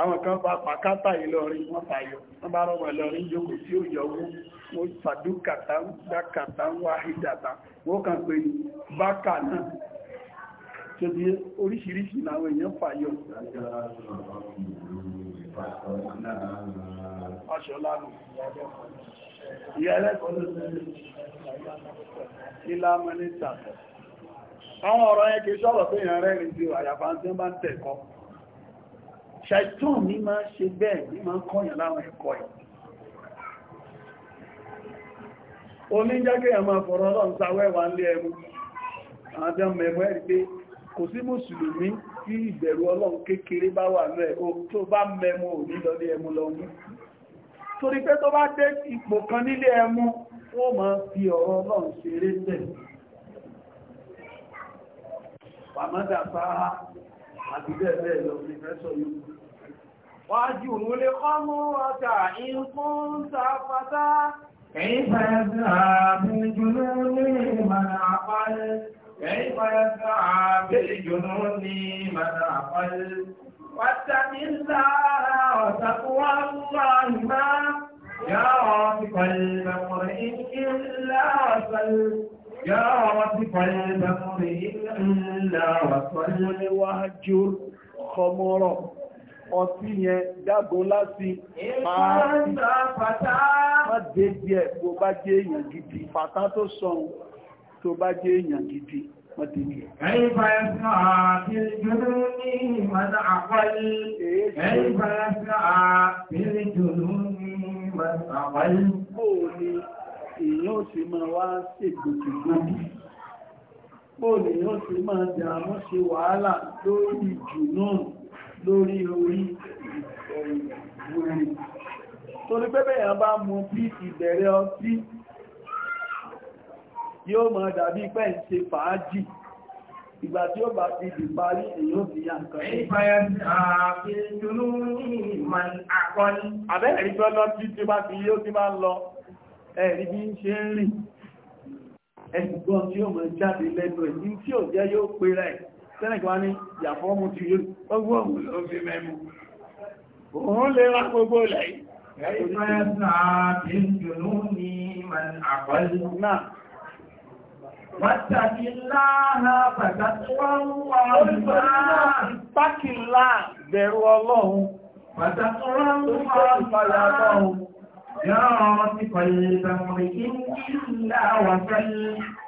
àwọn kan bá pàkátà Ìlọrin wọ́n tayọ wọ́n bá rọ́mọ̀ Ìlọrin yóò sí òyọwó mo sàdúkàtà dákàtà wáhídàtà wọ́n kàn pé bákà náà tó di oríṣiríṣi láwọn èèyàn fàyọ àwọn ọ̀rọ̀ ẹgbẹ̀ sọ́rọ̀ ìyàn rẹ̀ rìn sí àyàfà tí bá ń tẹ̀kọ́ ṣàìtàn ní máa ṣe bẹ́ẹ̀ ní máa kọ́yàn láwọn ẹ̀kọ́ ẹ̀ oníjákẹ́yà máa fọ̀rọ̀ ọlọ́run sáwẹ́wà ń lé ẹmu àti ọmọ ẹ̀mọ́ ẹ̀rí pé kò sí mùsùlùmí tí ìbẹ̀rù ọlọ́run kékeré bá wà lọ ẹ̀kọ́ tó bá mẹ́mu ò ní lọlé ẹmu lọ mú torí pé tó bẹ́ẹ̀ lọ sí fẹ́sọ̀ واجر لقمرك إن كنت فتى كيف يسعى بالجنون من عقل كيف يسعى بالجنون من عقل واتق الله وتقوى الله ما يا البقر إن إلا وصل يا البقر إن إلا وصل وهجر خمرا ọtí yẹn dágó láti máa dé díẹ̀ tó bá jẹ́ èèyàn gidi fàtà tó sọun tó bá jẹ́ èèyàn gidi wọ́n ti ní ẹ̀. Ẹ̀yìnbá ẹ̀sìn àtìlìjòlú ní ìmọ̀dá àpáyé. Ẹ̀yìnbá ẹ̀sìn àtìlìjòlú ní ìmọ̀dá àpáyé. Bóò ni èèyàn ò sì máa wá ṣègbòkègbòkè bóò ni èèyàn lórí orí wèrè torí pé bẹ́yàn bá mú bí ìbẹ̀rẹ̀ ọtí yóò mọ̀ dàbí pẹ́ ṣe fàájì ìgbà tí ó bá ti di parí èyí ó fi yàn kan. tí ti bá ti yóò ti máa lọ ẹ̀rí bí ń ṣe ń rìn ẹ̀gbọ́n tí ó mọ̀ jáde lẹ́nu tí ó jẹ́ yóò pé sẹ́nẹ̀kì wá ní ìyàfọ́ mú ti yóò ọgbọ́ òfin mẹ́mú òun lè rá gbogbo ilẹ̀ Pákìlá bẹ̀rù ọlọ́run. Pàtàkì ọlọ́run máa ń fàyà ọlọ́run. Yọ́rọ̀ ti pẹ̀lẹ̀ ìtàkùnrin kí ń ń láwà pẹ̀lẹ̀.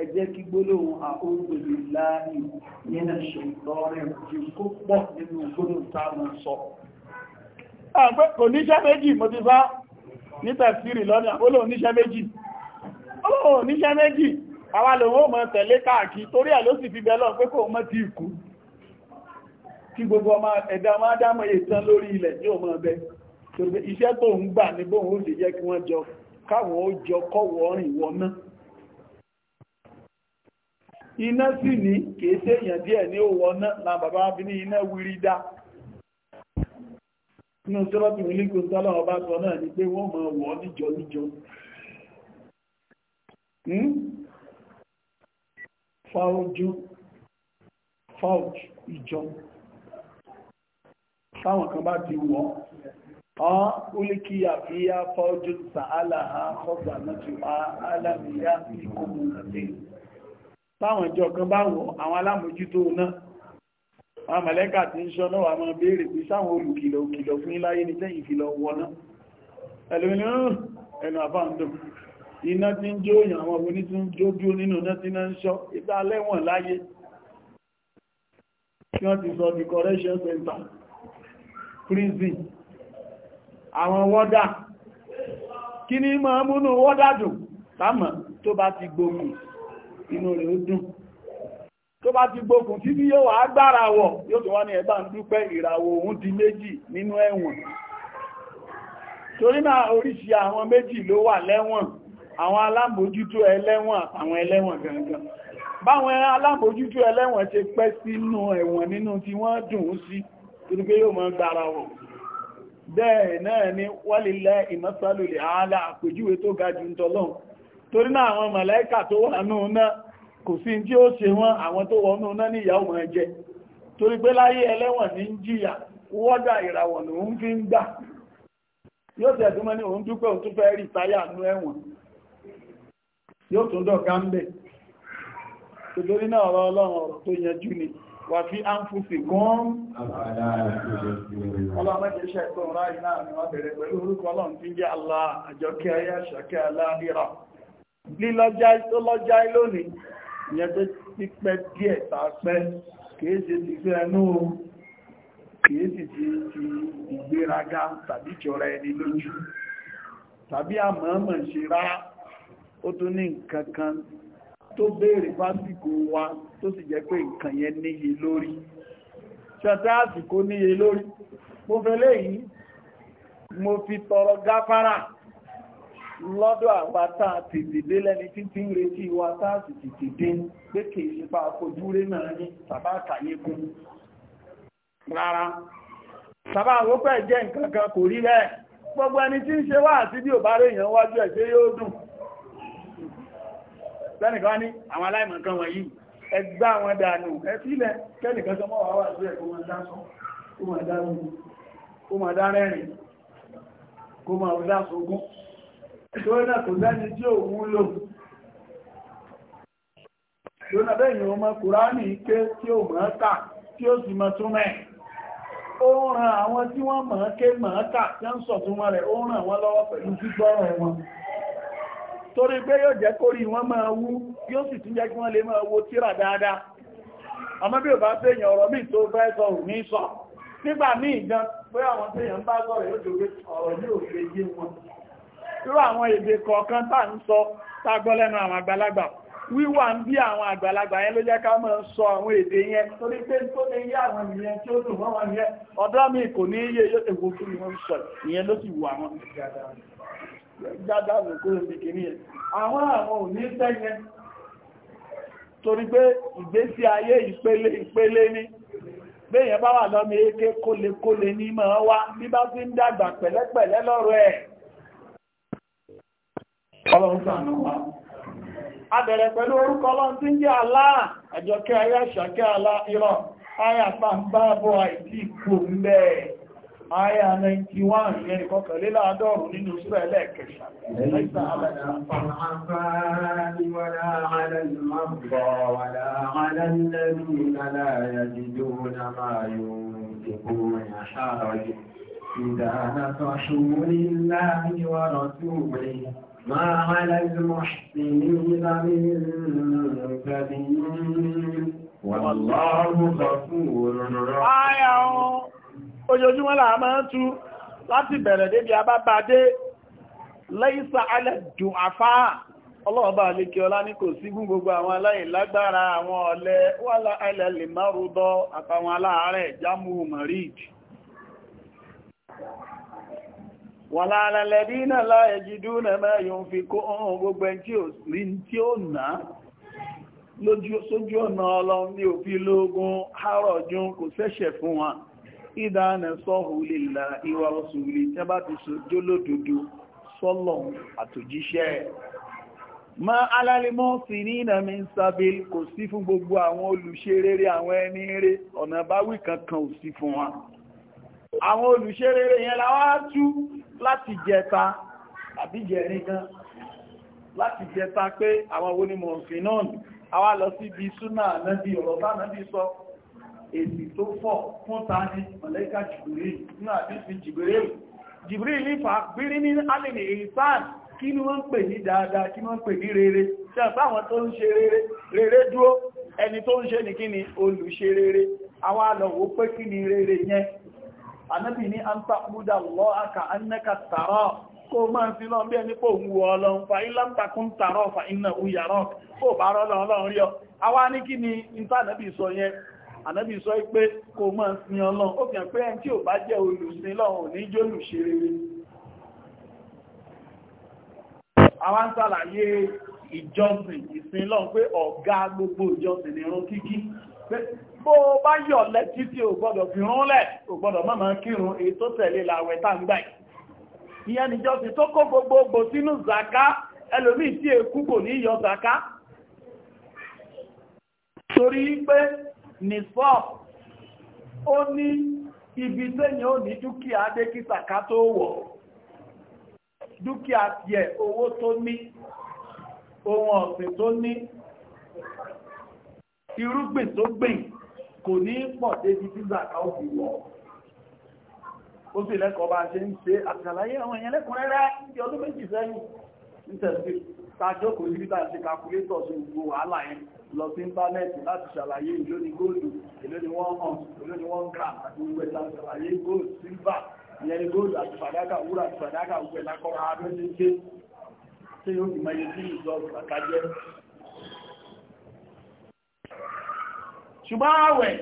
ẹ jẹ́ kí gbólóhùn a'udhu billahi minash shaitonir rajim kó pọ̀ nínú gbólóhùn táwọn sọ kò níṣẹ́ méjì mo ti bá ní tẹ̀sírì lọ́nà olóhùn níṣẹ́ méjì olóhùn níṣẹ́ méjì àwa lòun ó mọ tẹ̀lé káàkiri torí ẹ̀ ló sì fi bẹ́ẹ̀ lọ pé kò mọ́ ti kú kí gbogbo ọmọ ẹ̀dá máa dámọ̀ ìtàn lórí ilẹ̀ ní ọmọ ọbẹ̀ iṣẹ́ tó ń gbà ní bóhun lè jẹ́ kí wọ́n jọ káwọn ó jọ kọ́wọ́ rìn wọ́n náà iná sì ní kìí ṣe díẹ̀ ní òwò náà na bàbá bí ní iná wírí dá inú sọ́lọ́tù nílùú tọ́lọ́ ni pé wọ́n máa wọ̀ níjọ níjọ hmm? fáwọ́jú fáwọ́jú ìjọ táwọn kan bá ti wọ́ ọ́n ó lè kí àfíyá fáwọ́jú sàálà ha náà ti wá alàmìyá ìkọmù nàdé táwọn ìjọ kan bá wọ àwọn alámòjútó náà àwọn mẹ̀lẹ́kà tí ń ṣọ́ náà àwọn béèrè pé sáwọn olùkìlọ̀ òkìlọ̀ fún iláyé ní tẹ́yìn ìfìlọ̀ wọ náà ẹlòmìnirún ẹnu àbáǹdùn iná tí ń jó òyìn àwọn oní tí ń jó dúró nínú iná tí ń ṣọ́ ìta lẹ́wọ̀n láyé kí tó bá ti gbógun inú rẹ̀ ó dùn tó bá ti gbókùn tí bí yóò wà agbára wọ̀ yóò tó wá ní ẹgbà ń dúpẹ́ ìràwọ̀ òun di méjì nínú ẹ̀wọ̀n torí náà oríṣi àwọn méjì ló wà lẹ́wọ̀n àwọn alábòójútó ẹlẹ́wọ̀n àtàwọn ẹlẹ́wọ̀n gangan báwọn alábòójútó ẹlẹ́wọ̀n ṣe pẹ́ sínú ẹ̀wọ̀n nínú tí wọ́n dùn ún sí torí pé yóò máa gbára wọ̀ bẹ́ẹ̀ náà ni wálilẹ̀ ìmọ́sálòlè àálà àpèjúwe tó ga jù ń tọ́lọ́run torí náà àwọn màláíkà tó wà nù náà kò sí tí ó ṣe wọ́n àwọn tó wọ́n nù ní níyàwó wọn jẹ torí pé láyé ẹlẹ́wọ̀n ní jìyà wọ́dà ìràwọ̀ ní òun fi ń gbà yóò tẹ̀ tó mọ́ òun dúpẹ́ tó fẹ́ ẹ̀wọ̀n yóò tún náà ọ̀rọ̀ ọlọ́run ọ̀rọ̀ tó yanjú ni wà á ń fún lílọ́já tó lọ́já lónìí ìyẹn tó ti pẹ́ díẹ̀ tàpẹ́ kìí ṣe ti fẹ́ ẹnú kìí sì ti ti ìgbéraga tàbí jọra ẹni lójú tàbí àmọ́mọ̀ ṣe rá ó tún ní nǹkan kan tó béèrè fásìkò wa tó sì jẹ́ pé nǹkan yẹn níye lórí ṣẹta àsìkò níye lórí mo fẹ́ léyìí mo fi tọrọ gáfárà lọ́dọ̀ àwa tá a tètè dé lẹ́ni títí ń retí wa tá a sì tètè dé pé kìí ṣe pa àfojúrí náà ní tàbá àkàyékún rárá tàbá àwọ́pẹ́ jẹ́ nǹkan kan kò rí bẹ́ẹ̀ gbogbo ẹni tí ń ṣe wá àti bí ò bá rí èèyàn wájú ẹ̀ ṣe yóò dùn lẹ́nìkan ní àwọn aláìmọ̀ kan wọ̀nyí ẹ gbá wọn kó máa dá sógún lónà kò sẹ́ni tí òun lò lónà bẹ́yìn ọmọ kùránì ké tí ò tí ó sì mọ̀ túnmẹ̀ ó ràn àwọn tí wọ́n mọ̀ ké mọ̀ tí ń rẹ̀ ó ràn wọ́n lọ́wọ́ wọn torí pé yóò jẹ́ kórí máa wú yóò sì tún jẹ́ kí wọ́n lè máa dáadáa àmọ́ bí ò bá ọ̀rọ̀ míì tó fẹ́ sọ ò ní sọ nígbà míì gan pé àwọn tẹ́yàn bá sọ̀rọ̀ yóò ọ̀rọ̀ yóò fẹ́ yé irú àwọn èdè kọ̀ọ̀kan tá ń sọ tágbọ́ lẹ́nu àwọn àgbàlagbà wíwà ń bí àwọn àgbàlagbà yẹn ló jẹ́ ká sọ àwọn èdè yẹn torí pé tó lè àwọn ìyẹn tí ó dùn mọ́ wọn yẹn ọ̀dọ́ mi kò ní yé yóò tẹ̀ wọ́n fún sọ ìyẹn ló sì wù àwọn ní eke kólekóle ní wá bí bá ń dàgbà Ọlọ́run ṣàánú wa. A bẹ̀rẹ̀ pẹ̀lú orúkọ Ọlọ́run tí ń jẹ́ Allah, àjọkẹ́ ayé àṣàkẹ́ Allah irọ́, ayà pàmbábọ̀ àìdí ìkò mẹ́ ayà 91 ìyẹn ìkọkànléláàdọ́rùn nínú súrà ẹlẹ́ẹ̀kẹ̀ṣà. Ẹlẹ́sà alẹ́ Ìdáná tó ṣúrí láàrin ما على المحسنين من كبير والله غفور رحيم ojoojúmọ́ là máa ń tú láti bẹ̀rẹ̀ débi abábádé lẹ́yìnsá alẹ́dùn àfá ọlọ́ọ̀bá alékẹ́ ọlá ní kò sí fún gbogbo àwọn aláìlágbára àwọn ọ̀lẹ wọ́lá ẹlẹ́lẹ̀ márùdọ́ àtàwọn aláàárẹ̀ jámù mọ̀ríjì wọ́n lára lẹ́bí náà láyé jìdú nẹ́mẹ́ yóò fi kó ohun gbogbo ẹni tí ó rí tí ó nà sójú ọ̀nà ọlọ́run ní òfin lóògùn àrọ̀jún kò ṣẹ̀ṣẹ̀ fún wa ìdáná sọ́hù lèlà ìwà ọ̀sùnlé tí bá ti sojú lódodo sọ́lọ̀ àtòjíṣẹ́ ma alálẹ́mọ́ sí ní ìnàmí sábẹ́lì kò sí fún gbogbo àwọn olùṣe rere àwọn ẹni rere ọ̀nà báwí kankan ò sí fún wa àwọn olùṣe yẹn la wá tú láti jẹta àbí jẹrin gan láti jẹta pé àwọn wo ni náà ni a lọ sí ibi súnà náàbí ọ̀rọ̀ bá náàbí sọ èsì tó fọ̀ fún mọ̀lẹ́kà jìbìrì ni wọ́n ń pè ní dáadáa rere tí àpá àwọn tó ń rere rere dúró ẹni tó ń ṣe ní kí ni olùṣe rere a wá pé rere yẹn anábì ní an ta'budu Allaha ka annaka tarahu kó máa sí lọ bí ẹni pò ń ọlọ́run fa ilá ń fa iná uyàrọ kó bá rọ́lọ́ ọlọ́run rí ọ awá ní kí ni ìta ànábì sọ yẹn ànábì sọ pé kó máa sin ọlọ́run ó fi hàn pé ẹni tí ò bá jẹ́ olùsìn lọ́run ní jólù ṣe rere awá ń sàlàyé ìjọsìn ìsìn lọ́run pé ọ̀gá gbogbo ìjọsìn bó o bá yọ̀ lẹ́tí tí o gbọ́dọ̀ fi rún lẹ̀ o gbọ́dọ̀ má máa kírun èyí tó tẹ̀lé làwẹ̀ tá ń gbà ìyẹn níjọ sí tó kó gbogbogbò sínú zaka ẹlòmíì tí èkú kò ní yọ zaka torí pé nìsọ́ ó ní ibi tẹ́yìn ó ní dúkìá dé kí zaka tó wọ̀ dúkìá tiẹ̀ owó tó ní ohun ọ̀sìn tó ní irúgbìn tó gbìn kò ní pọ̀ débi tí zaka ó fi wọ̀ ó sì lẹ́kọ̀ọ́ bá ṣe ń ṣe àtàlàyé àwọn èèyàn lẹ́kùnrẹ́rẹ́ ní ọdún méjì sẹ́yìn ní tẹ̀sí tàjọ́ kò sí bíbá ṣe kàkúrétọ̀ sí gbogbo wàhálà yẹn lọ sí íńtánẹ́ẹ̀tì láti ṣàlàyé ìlú ní góòlù ìlú ní wọ́n hàn ìlú wọ́n gram àti gbogbo ẹ̀ta ṣàlàyé góòlù sílvà ìyẹn ní góòlù àti fàdákà wúrà àti fàdákà gbogbo ẹ̀lákọ́ra adó ṣe ṣe tí yóò fi mọ iye tí ìjọ ṣùgbọ́n àwẹ̀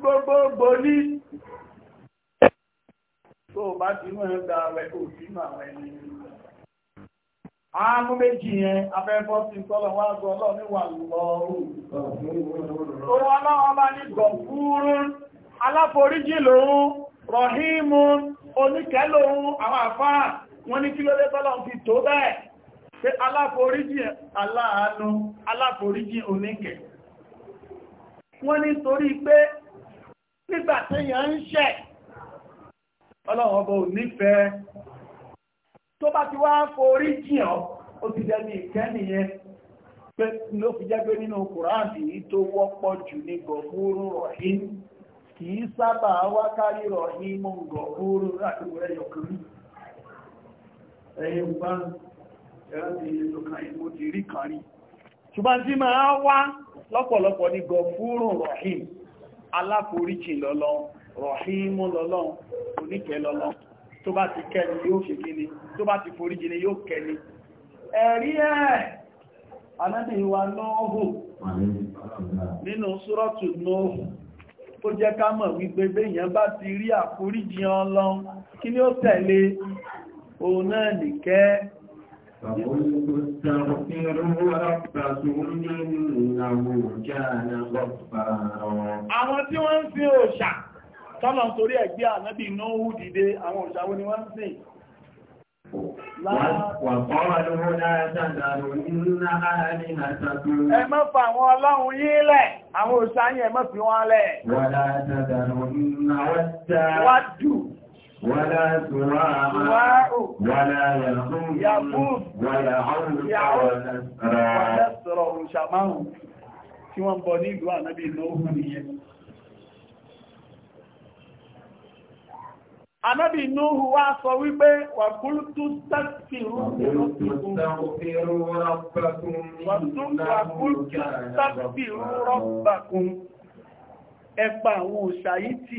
gbogbogbò ní tó bá ti mọ́ ẹgbà àwẹ̀ kò sí mọ́ àwẹ̀ ní ààmú méjì yẹn afẹ́fọ́ sí sọ́lọ̀ wá gọ́ lọ́rùn wọ́n ní kí ló lé tọ́lọ̀ fi tó bẹ́ẹ̀ pé aláforíjì aláàánú aláforíjì wọ́n ní torí pé nígbà téèyàn ń ṣẹ̀ ọlọ́run ọba ò nífẹ̀ẹ́ tó bá ti wá forí jìn ọ́ ó ti dẹni ìkẹ́ nìyẹn pé ló fi jẹ́ pé nínú kùránì yìí tó wọ́pọ̀ jù ní gọ̀fúrú rọ̀hí kì í sábà wákàrí rọ̀hí mú gọ̀fúrú ràdúgbò rẹ̀ ṣùgbọ́n tí máa wá lọ́pọ̀lọpọ̀ ní gọfúrùn rọ̀hìm aláforíjì lọ́lọ́n rọ̀hìmú lọ́lọ́n oníkẹ́ lọ́lọ́n tó bá ti kẹ́ni yóò ṣe kíni tó bá ti foríjì ni yóò kẹ́ni ẹ̀rí ẹ̀ anábì wa Nóòhù nínú súrọ́tù Nóòhù tó jẹ́ ká mọ̀ wípé béèyàn bá ti rí àforíjì Ọlọ́run kí ni ó tẹ̀lé òun náà nìkẹ́ فقلت استغفروا ربكم إنه كان غفارا àwọn tí wọ́n ń fi òòṣà tọ́lọ̀ torí ẹ̀gbẹ́ ànábì Nóhù dìde àwọn òòṣà wo ni wọ́n ń sìn Ẹ má fa àwọn ọlọ́run yín lẹ̀, àwọn òòṣà ولا سواء ولا يقوم ولا عون ونسرى شمعه tí wọ́n bọ ní ìlú ànábì Nóòhù nìyẹn ànábì Nóòhù wá sọ wípé wà kúrú tó tàbírú rọ́bàkún ẹgbà àwọn òṣàyí tì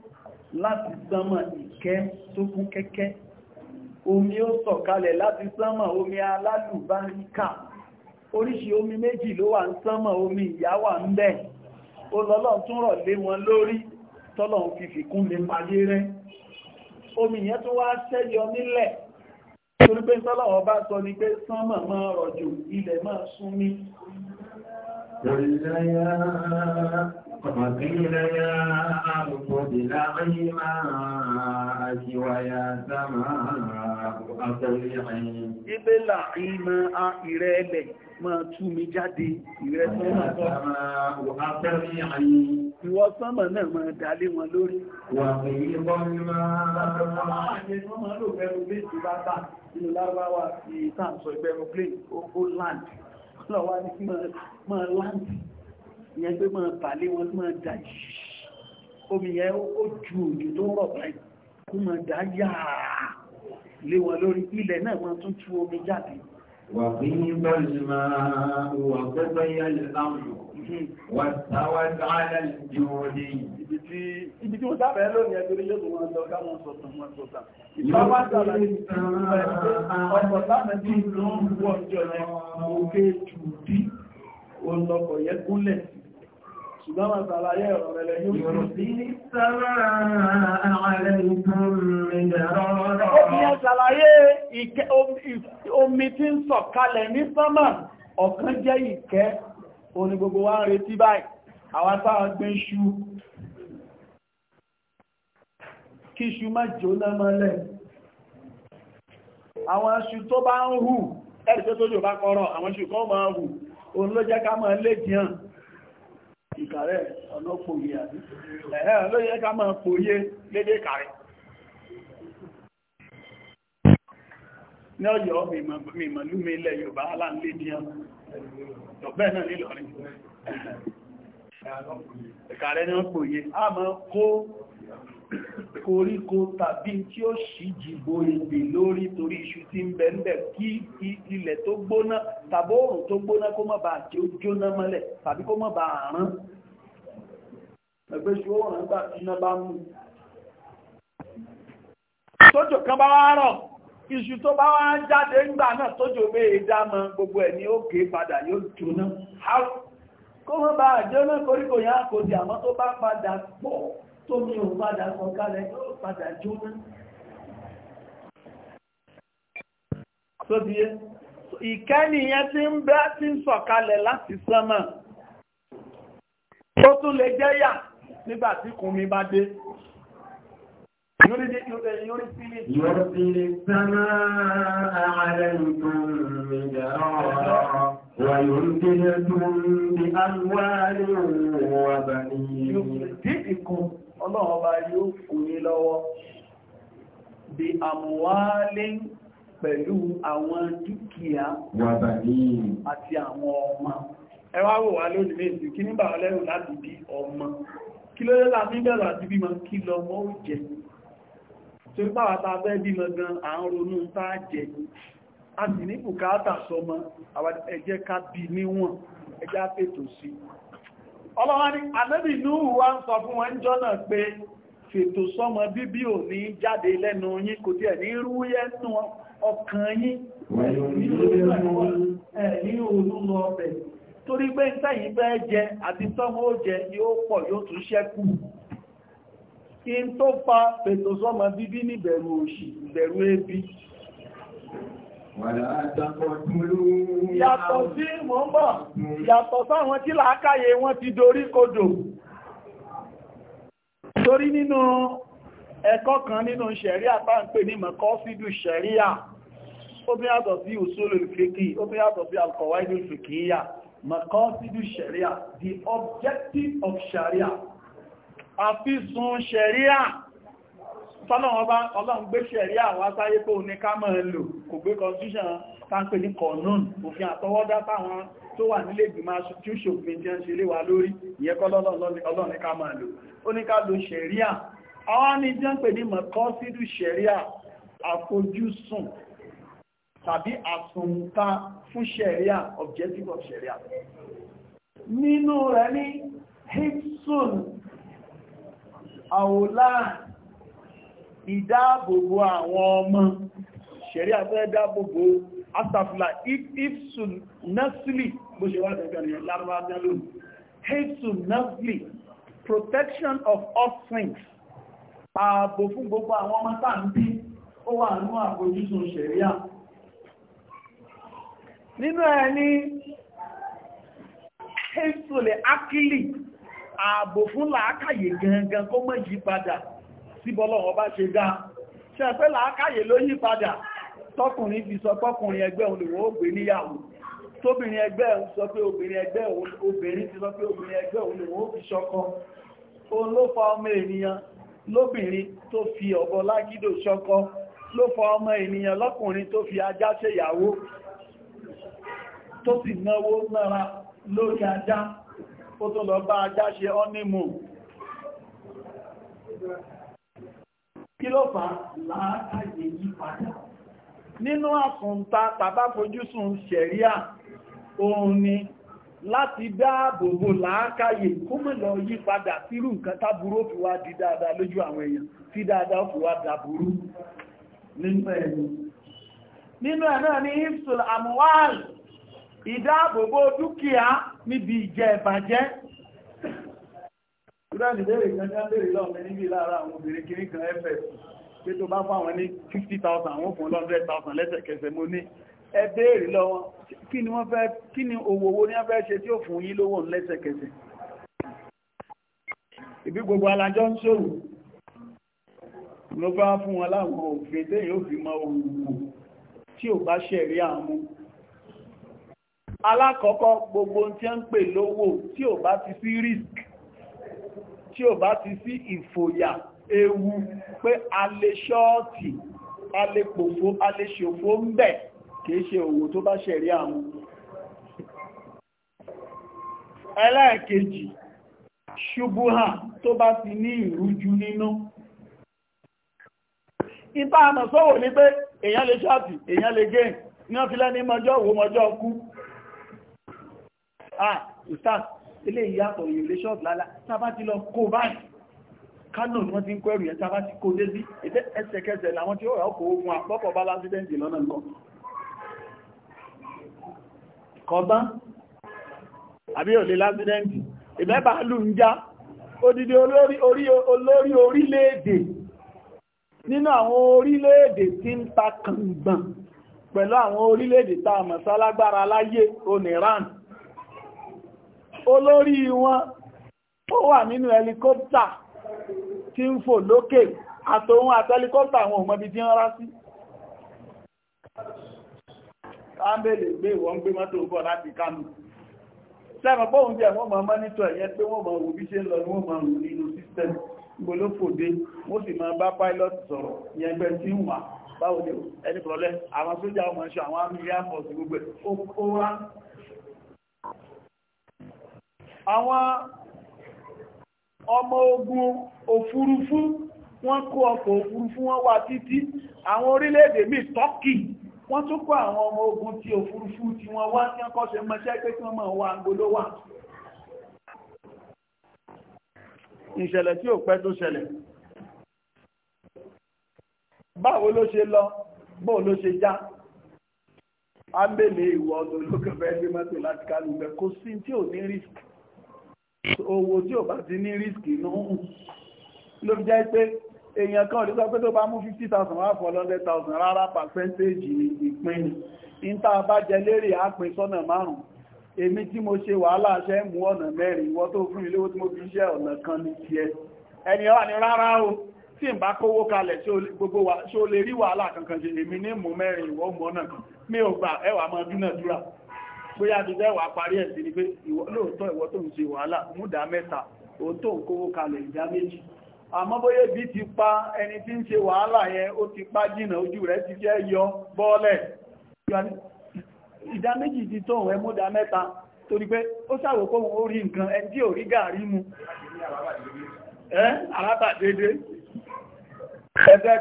láti sánmà ìkẹ́ tó kún kẹ́kẹ́ omi ó sọ̀kalẹ̀ láti sánmà omi alálùbáríkà oríṣi omi méjì ló wà ń sánmà omi ìyá wà ń bẹ̀ ó lọ́lọ́ tún rọ̀ lé wọn lórí tọ́lọ̀ fi fìkún mi parí rẹ́ omi yẹn tó wá sẹ́yọ nílẹ̀ torí pé tọ́lọ̀ ọba sọ ni pé sánmà máa rọ̀jò ilẹ̀ máa sún mi وقيل يا أرض ابلعي ماءك ويا سماء أقلعي ابلعي ماء ìrẹ̀lẹ̀ máa tú mi jáde ìrẹ̀lẹ̀ ìwọ sánmà náà máa dálé wọn lórí wà ní ìbọn ní máa nínú lárúbáwá sí ìtàǹsọ̀ ìgbẹ̀rún plane ó land lọ́wọ́ ní máa land ìyẹn pé máa bàálé wọn máa dà yìí omi yẹn ó ju òjò tó ń rọ̀ báyìí kó máa dà yàá lé wọn lórí ilẹ̀ náà máa tún tú omi jáde وقيل الماء وقضي الأمر واستوت على الجود Ibi tí ó sábẹ̀ lónìí ẹgbẹ̀rẹ̀ yóò tún lọ káwọn sọ̀tàn wọn sọ̀tàn. Ìjọba sábẹ̀ ọ̀pọ̀ sábẹ̀ tí ó ń wọ́n jọ yẹn, òkè jù bí, ó yẹ gúnlẹ̀ sí ṣùgbọ́n wọn sàlàyé ọ̀rọ̀ rẹ̀ lẹ́yìn òun sí ní sára àlẹ́ ìkún Kíṣù má jóná mọ́lẹ̀. Àwọn aṣù tó bá ń hù, ẹ̀rì tó tó jò bá kọ́rọ̀, àwọn aṣù kọ́ máa hù, òun ló jẹ́ ká máa lè jìyàn ìkàrẹ́ ọ̀nà pòye àbí ẹ̀hẹ́ ló yẹ ká máa pòye lédé kàrẹ́ ní ọ̀yọ́ mìmọ̀lúmi ilẹ̀ Yorùbá aláǹlédìyàn ọ̀bẹ́ náà nílọrin ẹ̀kàrẹ́ ní wọ́n pòye a máa kó koríko tàbí tí ó ṣì jìbò ebè lórí torí iṣu tí ń bẹ ń bẹ kí ilẹ̀ tó gbóná tàbí oòrùn tó gbóná kó má bàa tí ó jóná mọ́lẹ̀ tàbí kó má bàa rán ẹgbẹ́ ṣe oòrùn gbà tí iná bá mú tójò kan bá wá rọ̀ iṣu tó bá wá jáde ńgbà náà tójò bẹ́ẹ̀ e dá mọ́ gbogbo ẹ̀ ní òkè padà yóò jóná kó má bàa jóná koríko yẹn kò àmọ́ tó bá padà pọ̀ tó mi ò padà sọ kálẹ̀ yóò padà jóná. Sóbi yé, ìkẹ́ nìyẹn tí ń bẹ́ tí ń sọ̀kalẹ̀ láti sánmà. Ó tún lè jẹ́yà nígbà tí kùn mi bá dé. يرسل السماء عليكم مدرارا ويمددكم بأموال وبنين يمددكم ọlọ́run ọba yóò fún yín lọ́wọ́ bí àmúwálé pẹ̀lú àwọn dúkìá àti àwọn ọmọ ẹ wá wò wá lónìí méjì kí ní bàwọ́ lẹ́rùn láti bí ọmọ kí ló lọ́la ní bẹ̀rẹ̀ àti bímọ kí lọ mọ́ ó jẹ tó bá wà tàà bẹ́ bímọ gan à ń ronú táà jẹ a sì ní bùkátà sọmọ ẹ jẹ́ ká bí níwọ̀n ẹ jẹ́ á fètò sí ọlọ́wọ́ ní ànábì núhù wá ń sọ fún wọn jọ náà pé fètò sọ́mọ bíbí ò ní jáde lẹ́nu yín kò tí ẹ̀ ní rúyẹ́ nù ọkàn yín jẹ àti tọ́mọ ó jẹ pọ̀ yóò tún ṣẹ́kù ebi Yàtọ̀ sí mọ́mọ̀, yàtọ̀ sáwọn tí làákàyè wọn ti dorí kodò. Torí nínú ẹ̀kọ́ kan nínú ṣẹ̀ríà bá ń pè ní mọ̀kọ́ sídù ṣẹ̀ríà, ó bí yàtọ̀ sí usulul fiqi, ó bí yàtọ̀ sí alqawaidul fiqiyya, mọ̀kọ́ the objective of ṣẹ̀ríà, àfisùn ṣẹ̀ríà tọ́lọ́wọ́n bá ọlọ́run gbé ṣẹ̀rí àwọn asáyé kó ní ká mọ̀ lò kò gbé constitution táńpé ní kọ̀nún òfin àtọwọ́dá táwọn tó wà nílé ìgbìmọ̀ aṣòfin jẹ́ ń ṣe léwà lórí ìyẹ́kọ́ ọlọ́run ká mọ̀ lò ó ní ká lo ṣẹ̀ríà àwọn ní jẹ́ ń pè ní mọ̀kọ́sídù ṣẹ̀ríà àfojúsùn tàbí àsùnta fún ṣẹ̀ríà objective of ṣẹ̀ríà nínú rẹ̀ ní hipson àwòláà ìdáàbòbò àwọn ọmọ ṣẹ̀rí afẹ́ dáàbòbò astafula ifsun nasli bó ṣe wá tẹ́gbẹ̀rẹ̀ ní lárúbájá lónìí ifsun nasli protection of offspring ààbò fún gbogbo àwọn ọmọ tá ń bí ó wà ní àbójúsùn ṣẹ̀ríà nínú ẹ̀ ní ifsun akili ààbò fún làákàyè gangan kó má yí síbọ́lọ́wọ́ bá ṣe dá ṣe pé làákàyè ló yí padà tọkùnrin fi sọ pọ́kùnrin ẹgbẹ́ òun lòun ó gbé níyàwó tóbìnrin ẹgbẹ́ òun sọ pé obìnrin ẹgbẹ́ obìnrin ti sọ pé obìnrin ẹgbẹ́ òun lòun ó fi ṣọkọ òun ló fa ọmọ ènìyàn lóbìnrin tó fi ọ̀bọ lágídò ṣọkọ ló fa ọmọ ènìyàn lọ́kùnrin tó fi ajá ṣèyàwó tó sì náwó nára lórí ajá ó tó lọ bá ajá ṣe ọ́nímù kí ló fà láàkàyè yí padà nínú àkùntà tàbáfojúsùn ṣẹ̀ríà òun ni láti dáàbò bò làákàyè kó mọ̀ lọ yí padà sírù nǹkan tábúrú fi wá di dáadáa lójú àwọn èèyàn tí dáadáa fi wá dàbúrú nínú ẹ̀yìn nínú ẹ̀ náà ní ifsul amwal ìdáàbòbò dúkìá níbi ìjẹ ìbàjẹ́ ìbáàdì lérè kan já lérè lọ́mọ níbi lára àwọn obìnrin kiri kan fs pé tó bá fáwọn ní 50,000 àwọn fún 100,000 lẹ́sẹ̀kẹsẹ̀ mo ní ẹ béèrè lọ́wọ́ kí ni wọ́n fẹ́ kí ni owó owó ní afẹ́ ṣe tí ó fún yín lówó lẹ́sẹ̀kẹsẹ̀ ìbí gbogbo alájọ́ ń ṣòwò ló bá fún wọn láwọn òfin téèyàn ò fi mọ òwò tí ò bá ṣẹ̀rí àmú alákọ̀ọ́kọ́ gbogbo tí ó ń pè lówó tí ò bá ti sí risk tí ò bá ti sí ìfòyà ewu pé a lè ṣọ́ọ̀tì a lè pòfó a lè ṣòfó ń bẹ̀ kìí ṣe òwò tó bá ṣẹ̀rí àwọn ẹlẹ́ẹ̀kejì ṣubúhà tó bá ti ní ìrújú nínú ìta àmà sọ́wọ́ ní pé èyàn lè ṣáàtì èyàn lè gẹ́ ní ọ́fílẹ́ ní mọjọ́ òwò mọjọ́ ọkú ah ìsáàtì ilé ìyàtọ̀ èyàn lè ṣọ́ọ̀bù lálá tàbá ti lọ kó báyìí kánò ní wọ́n ti ń kó ẹrù yẹn tàbá ti kó dé sí ẹsẹ̀kẹsẹ̀ làwọn tí ó rà ọkọ̀ ogun àpọ́pọ̀ bá lásídẹ́ǹtì lọ́nà nǹkan kọba àbí òlè lásídẹ́ǹtì ìbẹ́bà lù ń já odidi olórí orílẹ̀-èdè nínú àwọn orílẹ̀-èdè tí ń ta kàngbọ̀n pẹ̀lú àwọn orílẹ̀-èdè tá a mọ̀ sálágbára láyé oníran olórí wọn ó wà nínú ẹlikọ́pítà tí ń fò lókè àtòun àtẹ́likọ́pítà àwọn òmọ́bí tí ń rá sí ámbèlè gbé ìwọ̀n gbé mọ́tò bọ̀ láti kánú sẹ́mọ̀ bóhun jẹ́ wọ́n máa mọ́nítọ̀ ẹ̀yẹ pé wọ́n máa wò bí ṣe lọ wọ́n máa rùn nínú system gbolófòdé wọ́n sì máa bá pilot sọ̀rọ̀ yẹn bẹ́ tí wà báwo ni ẹni pọ̀lẹ́ àwọn sójà ọmọ ṣe àwọn amílíà fọ́ọ̀sì gbogbo àwọn ọmọ ogun òfurufú wọ́n kó ọkọ̀ òfurufú wọ́n wà títí àwọn orílẹ̀-èdè míì tọ́kì wọ́n tún kó àwọn ọmọ ogun ti òfurufú tí wọ́n wá ní ọkọ̀ṣẹ́ mọ́ṣẹ́ pé kí wọ́n mọ̀ wá gbóló wà ìṣẹ̀lẹ̀ tí ò pẹ́ tó ṣẹlẹ̀ báwo ló ṣe lọ bóò ló ṣe já ámbèlè ìwọ̀ ọdún lókẹ̀fẹ́ ẹgbẹ́ mọ́tò láti kálùgbẹ́ kò sí tí ò ní risk owó tí ò bá ti ní rísìkì nù ló fi jẹ́ pé èèyàn kan òdíkọ́ pé tó bá mú 50,000 wá fọ́ 100,000 rárá percentage ìpín níta bá jẹ lérè ápín sọ́nà márùn-ún èmi tí mo ṣe wàhálà ṣe mú ọ̀nà mẹ́rin ìwọ tó fún ilé tí mo fi iṣẹ́ ọ̀nà kan ní tiẹ̀ ẹni ọ̀wà ní rárá o tí n bá kówó kalẹ̀ ṣe o lè rí wàhálà kankan ṣe èmi ní mú mẹ́rin ìwọ mú ọ̀nà kan mi ò gbà ẹwà mọ́ dúnàdúrà bóyá bí parí ẹ̀ sí ni pé lóòótọ́ ìwọ tó ń ṣe wàhálà múdà mẹ́ta ó tó ń kówó kalẹ̀ méjì ti pa ẹni tí ń ṣe wàhálà yẹn ó ti pa jìnà ojú rẹ̀ ti fẹ́ yọ bọ́ọ̀lẹ̀ méjì ti tó ẹ múdà mẹ́ta torí pé ó nǹkan tí ò rí gàrí mu ẹ́ àrábà dédé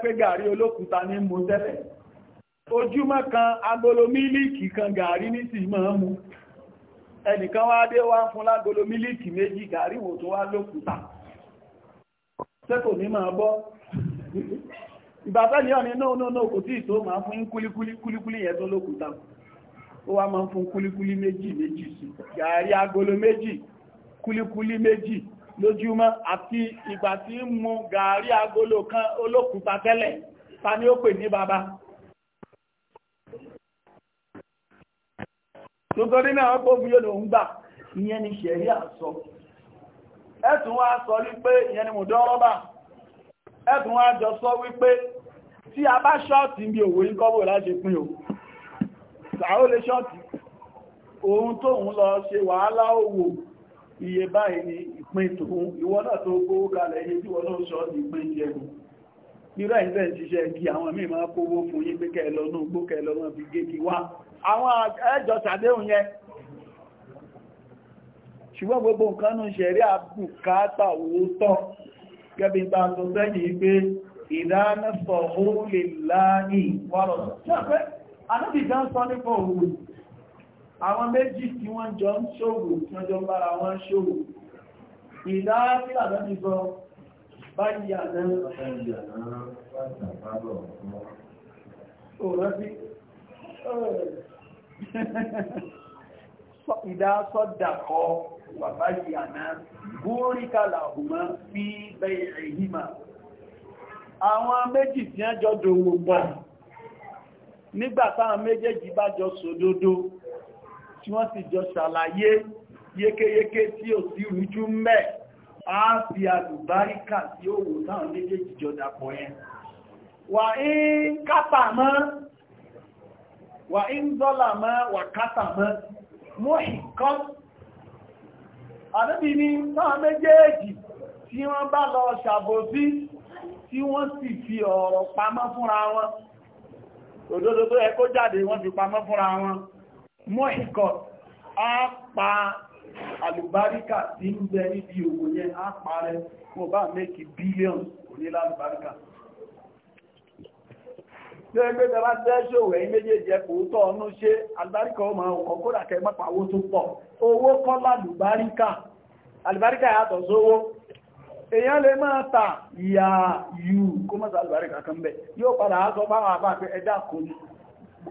pé gàrí ní ojúmọ́ kan agolo mílíkì kan gàrí ní sí máa mú ẹnìkan wá dé wá fún lágolo mílíkì méjì gàrí wò tó wá lókùtà sẹ́kò ní máa bọ́ ìbàtẹ́ ni ọ̀ni no no no kò tí ìtò máa fún kúlíkúlí kúlíkúlí yẹn tó lókùtà ó wá máa fún kúlíkúlí méjì méjì sí gàrí agolo méjì kúlíkúlí méjì lójúmọ́ àti ìgbà tí ń mu gàrí agolo kan olókùtà tẹ́lẹ̀ ta ni ó pè ní baba nítorí náà kó bí yóò lòun gbà ìyẹn ni ṣẹ̀rí àsọ ẹ̀tún wá sọ wípé ìyẹn ni mùdọ́rọ́bà ẹ̀tún wá jọ sọ wípé tí a bá ṣọ́ọ̀tì ń bí òwò yí kọ́bò láti pín o sàárò lè ṣọ́ọ̀tì ohun tó ń lọ ṣe wàhálà owó iye báyìí ni ìpín tòun ìwọ náà tó gbówó kalẹ̀ iye tí wọ́n náà ṣọ́ọ̀tì ìpín jẹun irú ẹ̀yìnbẹ̀ ń ṣiṣẹ́ igi àwọn míì máa kówó fún yín pé kẹ́ẹ̀lọ náà gbó kẹ́ẹ̀lọ náà fi gé kí wá àwọn ẹjọ́ sàdéhùn yẹn ṣùgbọ́n gbogbo nǹkan nù ṣẹ̀rí àbùkátà owó tọ́ gẹ́bí ta tó sẹ́yìn pé ìdánẹ́sọ̀ ó lè láàáyì wọ́rọ̀ ṣẹ́fẹ́ anábìdá ń sọ nípa òwò báyàná òrántí ìdá sọ́dàkọ́ bàbá yàná búríkàlà òmá fi bẹ̀rẹ̀ ìhìmà àwọn méjì tí a jọ dòwò pọ̀ nígbàtá àwọn bá jọ sòdodo tí wọ́n sì jọ ṣàlàyé yékéyéké tí ò sí rújú mẹ́ẹ̀ a fi àlùbáríkà tí ó wò táwọn méjèèjì jọ dàpọ̀ yẹn wà ń kápà mọ́ wà ń dọ́là mọ́ wà kápà mọ́ mọ́ ìkọ́ àdébì ni táwọn méjèèjì tí wọ́n bá lọ ṣàbòsí tí wọ́n sì fi ọ̀rọ̀ pamọ́ fúnra wọn òdodo tó yẹ jáde wọ́n fi pamọ́ fúnra wọn mọ́ ìkọ́ alùbáríkà tí ń bẹ níbi òwò yẹn á parẹ́ fún ọba mẹ́kì bílíọ̀n onílá alùbáríkà tí ó gbé tẹ́lá tẹ́ṣò ẹ̀yìn méjèèjì ẹ̀kọ́ tọ́ ọ̀nà ṣe alùbáríkà ọmọ ọkọ̀ kódà kẹ́ mọ́pa owó tó pọ̀ owó kọ́ lálùbáríkà alùbáríkà yàtọ̀ sówó èèyàn lè máa ta ìyà yù kó mọ́ta alùbáríkà kan bẹ̀ yóò padà á sọ fáwọn àbá pé ẹ̀dá kò ní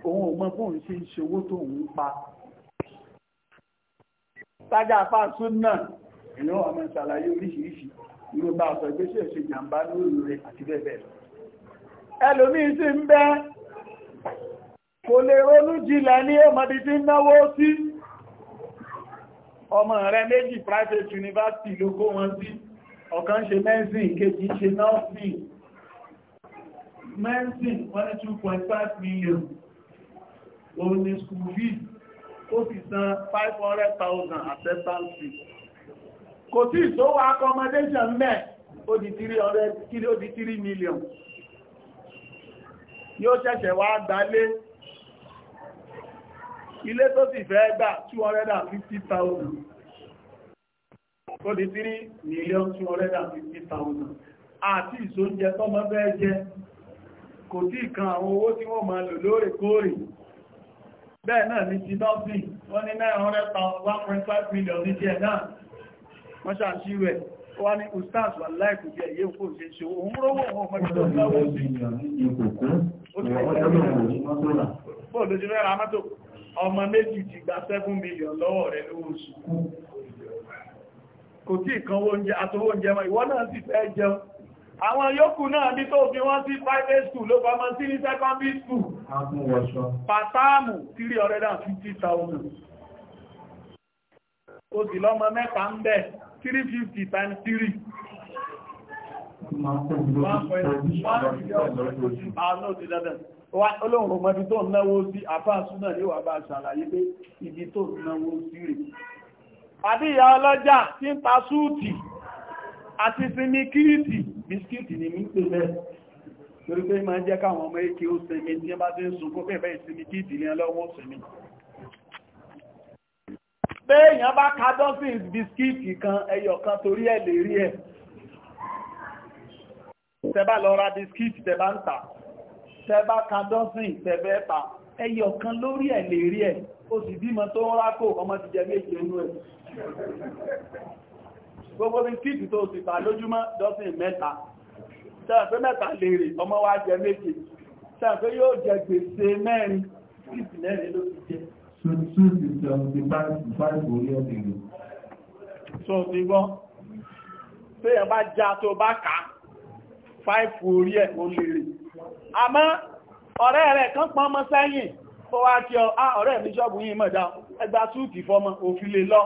òun ò mọ fóun ṣe ń ṣe owó pa tájá àfáà súnnà ìlú ọmọ ìṣàlàyé oríṣiríṣi ìlú bá ọ̀sọ̀ ìgbésẹ̀ ṣe jàmbá lóòrùn rẹ̀ àti bẹ́ẹ̀ bẹ́ẹ̀ lọ ẹlòmí sí ń bẹ kò lè ronú jìlẹ̀ ní ọmọdé tí ń náwó sí ọmọ rẹ̀ méjì private university ló kó wọn sí ọ̀kan ṣe mẹ́sìn kejì ṣe nọ́ọ̀sìn mẹ́sìn 1.5 million òun ni school fees ó sì san 500,000 acceptance fee kò tí ìsówó accommodation mẹ́ ó di 3 million yóò ṣẹ̀ṣẹ̀ wá gbálé ilé tó sì fẹ́ gbà 250,000 ó di 3 million 250,000 àti ìsóúnjẹ tọ́mọ fẹ́ jẹ kò tí ìkan àwọn owó tí wọ́n máa lò lóòrèkóòrè bẹ́ẹ̀ náà ní ti ni wọ́n ní 900,000 million ní jẹ́ náà wọ́n ṣàṣí rẹ̀ wọ́n ní ustaz wà láìkù jẹ́ èyí òkú ṣe ṣe òun rówó wọn ọmọ méjì ti gba 7 million lọ́wọ́ rẹ̀ lówó oṣù kò tí ìkanwó oúnjẹ àtọwó oúnjẹ mọ́ náà sì fẹ́ jẹun àwọn yòókù náà bí tó fi wọ́n sí private school ló bá máa sí ní secondary school pàtàmù 350,000 ó sì lọ́mọ mẹ́ta ń bẹ̀ 350 times 3 Olóhùn ọmọdé tó náwó sí àfáàsú náà yóò wà bá ṣàlàyé pé ibi tó náwó sí rẹ̀. Àbí ìyá ọlọ́jà tí ń ta súùtì àti sinmi kíìtì bisikíìtì ni mi ń pè lẹ́ torí pé máa jẹ́ káwọn ọmọ èké ó sinmi tí bá ti ń sun kó pẹ̀lẹ̀ ìsinmi kíìtì ní ọlọ́wọ́ sinmi béèyàn bá ka dozens bisikíìtì kan ẹyọ kan torí ẹ̀ lè rí ẹ̀ tẹ́bá lọ ra bisikíìtì tẹ́bá ń tà tẹ́bá ka dozens tẹ́bẹ́ tà ẹyọ kan lórí ẹ̀ lè rí ẹ̀ ó sì bímọ tó ń rákò ọmọ ti jẹ méje inú ẹ̀ gbogbo bí kíìtì tó sì tà lójúmọ́ dọ́sìn mẹ́ta sẹ́ẹ̀fẹ́ mẹ́ta lèrè ọmọ wa jẹ méje sẹ́ẹ̀fẹ́ yóò jẹ gbèsè mẹ́rin kíìtì mẹ́rin ló ti jẹ so ti gbọ́n tí ẹ bá já tó bá ká fáìfù orí ẹ̀ o lè rí àmọ́ ọ̀rẹ́ rẹ̀ kan pọ́n mọ́ sẹ́yìn tó wá kí ọ ah, ọ̀rẹ́ mi ṣọ́bù yìí mọ̀ dá ẹgbà súùtì fọ́mọ òfin lè lọ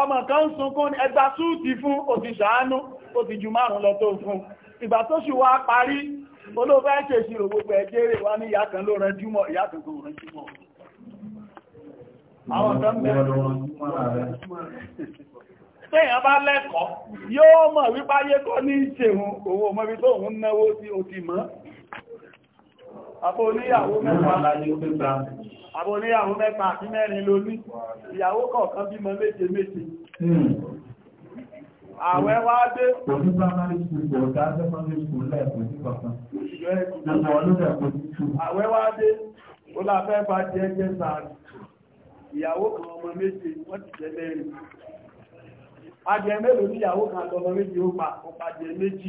ọmọ kan ń sunkún ní ẹgbà súùtì fún ó ti ṣàánú ó ti ju márùn lọ tó fún ìgbà tó ṣù wá parí olóòfẹ́ ṣèṣirò gbogbo ẹ̀jẹ̀rẹ̀ wá ní ìyá kan ló rán júmọ̀ ìyá kan kò rán júmọ̀ àwọn tó ń bẹ̀rẹ̀ bá lẹ́kọ̀ọ́ yóò mọ̀ wípáyé kọ́ ní ìṣẹ̀hun òun mọ́bí tó òun náwó àbò oníyàwó mẹ́ta àti mẹ́rin ló ní ìyàwó kọ̀ọ̀kan bímọ méje méje hmm. àwẹ́ wá dé òní primary school kò dá secondary school lẹ́ẹ̀kọ́ sí kọ̀kan àwẹ́ wá dé ó láfẹ́ bá jẹ́ jẹ́ sáàrì ìyàwó kan ọmọ méje wọ́n ti jẹ́ mẹ́rin ajẹ́ mélòó ní ìyàwó kan ọmọ méje ó pa jẹ méjì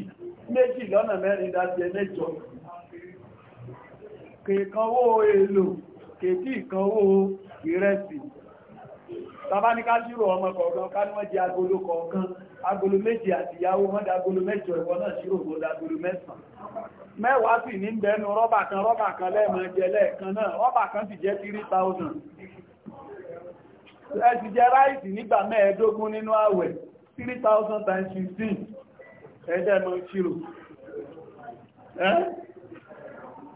méjì kèèkanwó èlò kèèkì ìkanwó ìrẹsì tàbá ní ká ọmọ kọ̀ọ̀kan ká ní wọ́n jẹ agolo kọ̀ọ̀kan agolo méjì àti ìyàwó wọ́n dagolo mẹ́jọ ìwọ náà ṣírò agolo mẹ́sàn mẹ́wàá sì ní bẹnu rọ́bà kan rọ́bà kan lẹ́ẹ̀mọ́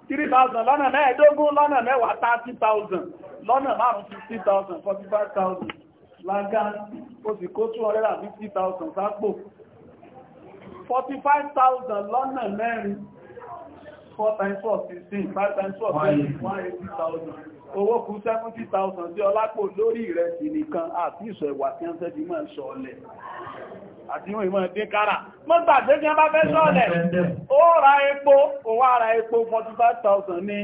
3,000 lọ́nà mẹ́ẹ̀ẹ́dógún lọ́nà mẹ́wàá 30,000 lọ́nà márùn 50,000 45,000 lágá ó sì kó 250,000 sápò 45,000 lọ́nà mẹ́rin 4 times 4 16 5 times 4 180,000 owó kú 70,000 tí ọlápò lórí ìrẹsì nìkan àti ìṣẹ̀wà tí wọ́n tẹ́ àti wọ́n ìmọ̀ ìdí kára mọ́gbà tó jẹ́ bá fẹ́ sọ́ọ̀lẹ̀ ó ra epo ó wá epo 45,000 ní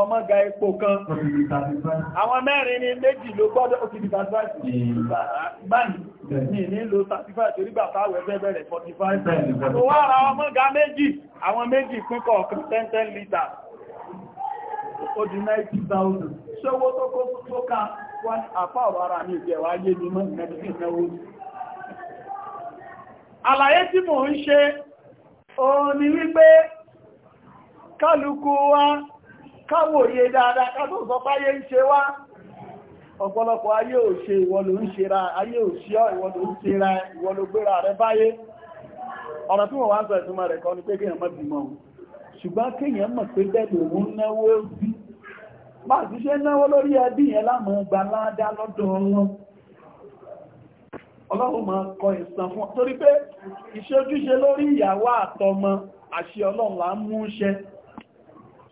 ọmọga epo kan àwọn mẹ́rin ní méjì ló gbọ́dọ̀ ó ti di 35 hmm. báyìí ní nílò 35 tó kó tó ká wọ́n àpá ọ̀rọ̀ ara ní ìjẹ̀wà ayé mímọ́ ìrìnàjò àlàyé tí mò ń ṣe òun ni wípé kálukú wa káwòye dáadáa ká tó sọ ń ṣe wá ọ̀pọ̀lọpọ̀ ayé ò ṣe ìwọlò ń ṣe ra ayé ò ṣe ìwọlò ń ṣe ìwọlò gbéra rẹ báyé ọ̀rọ̀ tí wọ́n wá ń sọ ìtumọ̀ rẹ̀ kọ́ pé mọ́ mọ̀ pé náwó bí máa ti ṣe náwó lórí ẹbí yẹn ọlọ́run máa kọ ìsan fún torí pé iṣẹ́ ojúṣe lórí ìyàwó àtọmọ àṣẹ ọlọ́run là ń mú ṣẹ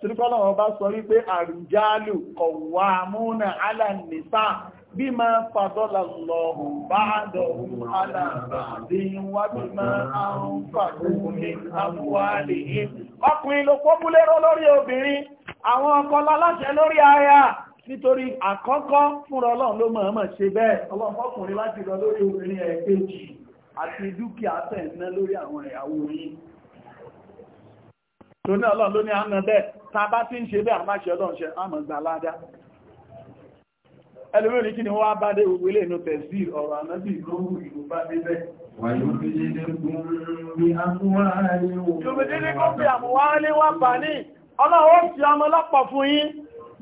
torí pé ọlọ́run bá sọ wípé àrùjálù kọ̀wà múnà alànìsà bí máa fàdọ́là lọ́hùn bá dọ̀hùn alàbàdín wá bí máa àrùn fàdúnmí àbúwálì ọkùnrin ló pọ́pùlérò lórí obìnrin àwọn ọkọ láláṣẹ lórí aya nítorí àkọ́kọ́ fúnra ọlọ́run ló mọ̀ọ́mọ̀ ṣe bẹ́ẹ̀ ọlọ́pọ̀kùnrin láti lọ lórí obìnrin ẹ̀ẹ́kejì àti dúkìá tẹ̀ẹ̀ná lórí àwọn ìyàwó yìí tó ní ọlọ́run ló ní àmà bẹ́ẹ̀ ta bá ti ń ṣe bẹ́ẹ̀ àmáṣẹ́ ọlọ́run ṣe àmà gbà ládá ẹlùmí ní kí ni wọ́n bá dé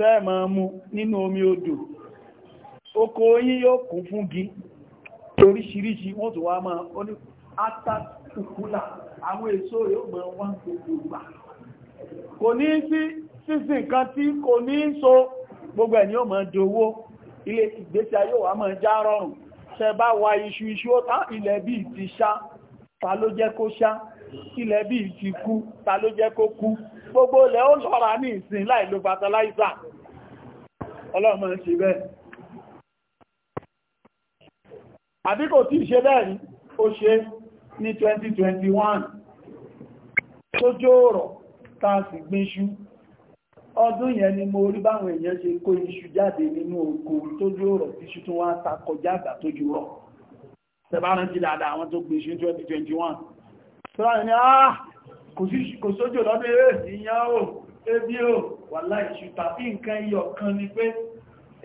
tẹ́ẹ̀mọ̀ mú nínú omi odò oko yín yóò kún fún gi oríṣiríṣi wọ́n tó wá máa ó ní atakùkúlà àwọn èso yóò mọ̀ wá gbogbo gbà kò ní sí sísìn kan tí kò ní so gbogbo ẹ̀ ni ó máa dowó ilé ìgbésí ayé wa máa já rọrùn tẹ bá wa iṣu iṣu ọ̀tá ilẹ̀ bí ti ṣá ta ló jẹ́ kó ṣá ilẹ̀ bí ti kú ta ló jẹ́ kó kú gbogbo ilẹ̀ ó lọ́ra ní ìsìn láìlo fertilizer ọlọ́mọ ṣe bẹ́ẹ̀ àbí kò tí ṣe bẹ́ẹ̀ ni ó ṣe ní 2021 tó jó rọ̀ ta sì gbínṣú ọdún yẹn ni mo rí báwọn èèyàn ṣe kó iṣu jáde nínú oko tó jó rọ̀ tíṣú tó wá ta kọjá àgbà tó jù rọ̀ tẹbárán ti dáadáa àwọn tó gbínṣú 2021 tó ráyìn ni ah kò sójò lọ́dún èèyàn ebi ò wà láìṣù tàbí nǹkan iyọ̀ kan ni pé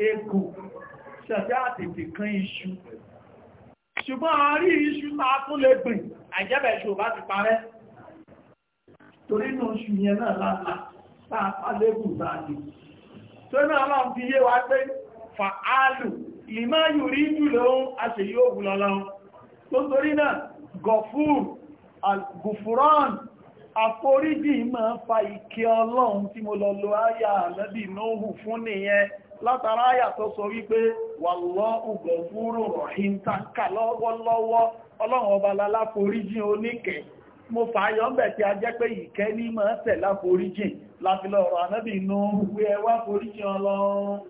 egò ṣẹ̀fẹ́ àtètè kan iṣu ṣùgbọ́n a rí iṣu máa tún lè gbìn àìjẹ́bẹ̀ ṣò bá ti parẹ́ torí náà ṣù yẹn náà lára sáà lébù sáàdì tó náà lọ́n fi yé wa pé fàálù ìmá yùrí jùlọ ohun aṣèyí ògùn lọ́lọ́run tó torí náà gọ̀fúr al-gufran àforíjì máa fa ìkẹ́ ọlọ́run tí mo lọ lo áyà ànábì nóhù fún nìyẹn látara áyà tó sọ wípé wallahu ghafurur rahim ka lọ́wọ́lọ́wọ́ ọlọ́run ọba láláforíjì oníkẹ́ mo fàáyọ́ bẹ̀ tí a jẹ́ pé ìkẹ́ ní máa tẹ̀ láforíjì láti lọ́rọ̀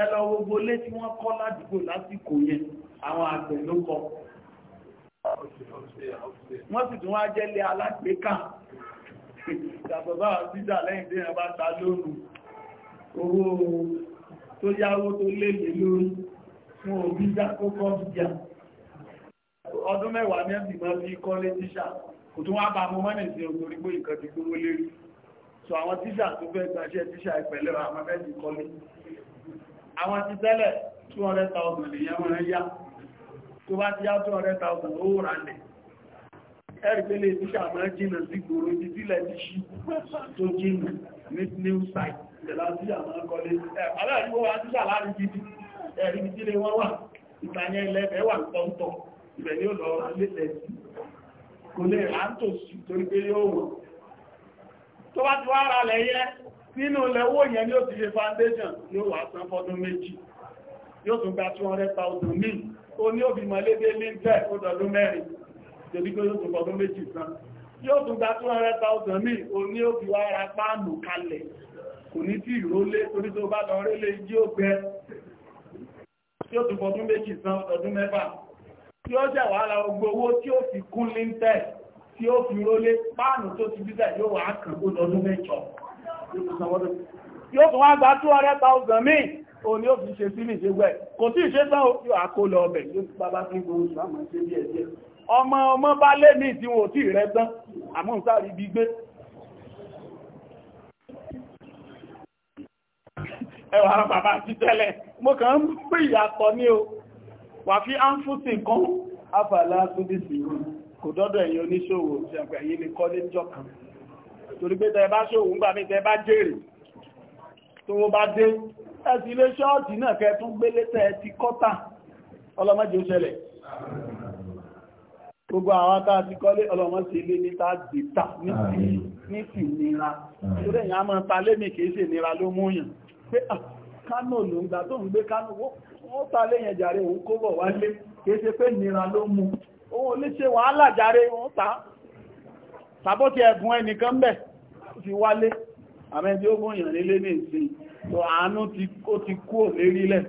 ẹlọ gbogbo lé tí wọ́n kọ́ ládùúgbò lásìkò yẹn àwọn àgbẹ̀ ló kọ́ wọ́n sì tún wá jẹ́lé alágbèéká ìjàbọ̀bá àtijọ́ lẹ́yìn tí wọ́n bá ta lóòrùn owó tó yáwó tó lélè lórí fún òbí já kókọ́ jíjà ọdún mẹ́wàá ní ẹ̀sìn máa fi kọ́lé tíṣà kò tún wá bá mọ́ mọ́nà sí orí pé nǹkan ti gbówó lérí so àwọn tíṣà tó fẹ́ gbaṣẹ́ tíṣà ìpẹ̀lẹ́ àwọn mẹ́sìn kọ́lé àwọn ti tẹ́lẹ̀ 200,000 lè yẹ wọ́n yá tó bá ti yá 200,000 owó rà lẹ̀ ẹ̀rìpẹ́lẹ̀ tí sàmọ́ jìnà sí gbòrò ti sílẹ̀ ti ṣí tó jìnà ní new site tẹ̀lá sí àmọ́ kọlé aláàríwọ́ wa ti sàlárí gidi ẹ̀rí tí lè wọ́n wà ìtànyẹ ilẹ̀ wà tọ́ntọ́ ibẹ̀ ni ó lọ alẹ́lẹ̀ kò lè rántò sí torí pé nínú lẹ́wọ́ yẹn ni ó ti ṣe foundation ni ó wà san fọ́dún méjì yóò tún gba 200,000 mil ó ní òbí mọ̀lédé lintel ó dọ̀dún mẹ́rin tèbí pé yóò tún fọ́dún méjì san yóò tún gba 200,000 mil ó ní òbí wá ra páànù kalẹ̀ kò ní tí ìrólé torí tó bá lọ rélé jí ó gbẹ yóò tún fọ́dún méjì san tí ó jẹ́ wàhálà ogbó owó tí ó fi kún lintel tí ó fi rólé páànù tó ti bísẹ̀ yóò wà á kàn ó dọ̀dún mẹ́jọ yóò tún wá gba 200,000 míì o ni ó fi ṣe sílì ṣe wẹ̀ kò tí ìṣẹ́ tán yóò àkólọ ọbẹ̀ yóò bàbá sí gbogbo ìṣàmọ̀ ṣe bí ẹ̀jẹ́ ọmọ ọmọ bá lé ní tí wọn ò tí rẹ tán àmúnsáàrí bí gbé ẹwà ara bàbá ti tẹ́lẹ̀ mo kàn ń pè ìyàtọ̀ ní o wà fí áńfúsì kan torí pé tẹ bá ṣòwò ńgbà mi tẹ bá jèrè tó wọ́n bá dé ẹ̀sì ilé ṣọ́ọ̀tì náà kẹ tún gbélé tẹ ti kọ́tà ọlọ́mọdé ó ṣẹlẹ̀ gbogbo àwọn tá ti kọ́lé ọlọ́mọdé ilé ní tá dìtà ní sì nira torí èyàn á mọ́ ta lémi kìí ṣe nira ló múyàn pé ah, kánò ta tàbọ́tí ẹ̀gùn ẹnìkan bẹ̀ ti wálé àmẹ́bí ó gún ìyàn nílé ní ìsìn tó àánú ó ti kú ò lérílẹ̀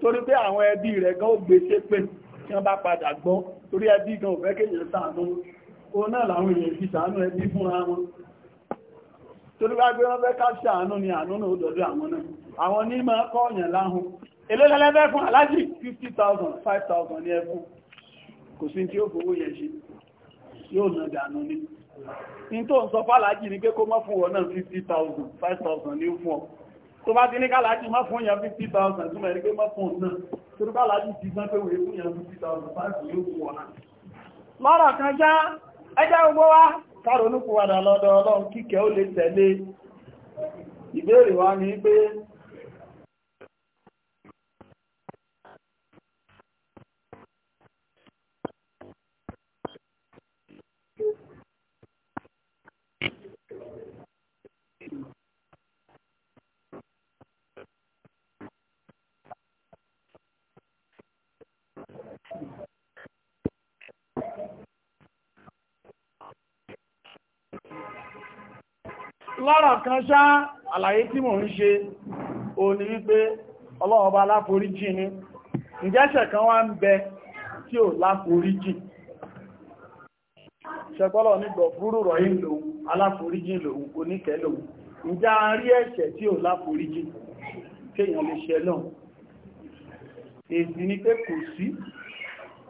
torí pé àwọn ẹbí rẹ̀ gan ó gbé ṣépè tí wọ́n bá padà gbọ́ torí ẹbí gan ò fẹ́ kéèyàn ṣàánú ó náà làwọn èèyàn fi ṣàánú ẹbí fúnra wọn torí bá gbé wọ́n ni àánú náà ó dọ̀dọ̀ àwọn náà àwọn ní máa kọ́ ọ̀yàn láhùn èlé lẹ́lẹ́fẹ́ fún aláàjì 50,000 5,000 ní ẹkùn kò sí tí ó fowó yẹn ṣe yóò nà dànù ní in tó ń sọ fàlájì ní pé kó mọ́ fún ọ̀nà 50,000 5,000 ní fún ọ tó bá ti ní kàlájì mọ́ fún yàn 50,000 tó mẹ́rin pé mọ́ fún ọ̀nà tó ti sán pé wèé fún 50,000 yóò fún lọ́rọ̀ kan já ẹjẹ́ gbogbo onúkúwàdà kíkẹ́ ó lè lára kan ṣá àlàyé tí mò ń ṣe o ní wípé ọlọ́ọ̀bá aláforíjì ní ìjẹ́ṣẹ̀ kan wá ń bẹ tí ò láforíjì ṣẹgbọ́lọ̀ nígbọ̀ fúrú rọ̀yí lòun aláforíjì lòun oníkẹ́ lòun ìjá rí ẹ̀ṣẹ̀ tí ò láforíjì kéèyàn lè ṣẹ náà èsì ni pé kò sí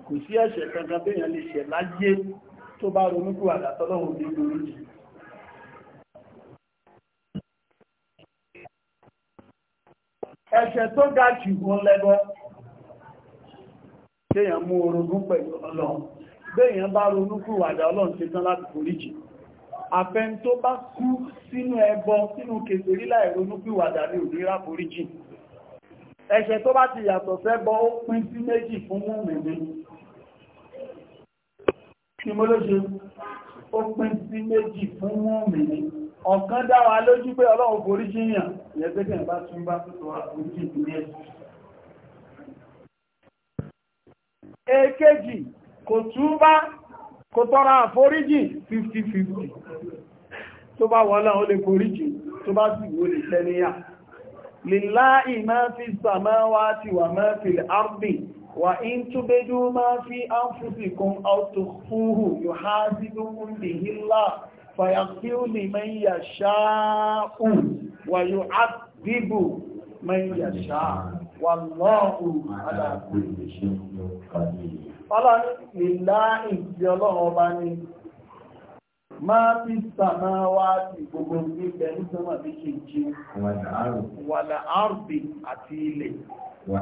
kò ẹ̀ṣẹ̀ kankan téèyàn lè ṣẹ̀ láyé tó bá ronúkú àdàtọ́lọ́run nígbòríjì ẹ̀ṣẹ̀ tó ga jù wọn lẹ́bọ́ kéèyàn mú orogún pẹ̀lú ọlọ́run béèyàn bá ronú kú wàdà ọlọ́run ṣe tán láti foríjì àfẹn tó bá kú sínú ẹbọ sínú kèfèrí láì ronú kú wàdà ní òdírá foríjì ẹ̀ṣẹ̀ tó bá ti yàtọ̀ sẹ́bọ ó pín sí méjì fún mùmìnì kí mo ló ó pín sí méjì fún mùmìnì ọ̀kan dá wa lójú pé ọlọ́run forí jíyàn ìyẹ̀gbẹ́gbẹ̀ bá tún bá tó wà fún jì ní ẹ̀sùn èkejì kò túbá kò tọrọ àforíjì 50-50 tó bá wọ́n láwọn lè foríjì tó bá sì wó lè tẹ́níyà lillahi ma fi samawati wa ma fil ardi wa in tubedu ma fi anfusikum aw tukhfuhu yuhasibukum bihi Allah fàyàkíú ni mẹ́yà ṣááù wàyò àdìbò mẹ́yà ṣáà wà lọ́ọ̀hù aláàbò ìṣẹ́ máa fi sàmà wá ti gbogbo ìgbẹ̀ ní sọ́mà bí ṣe jí wàlà àrùbí àti ilẹ̀ wà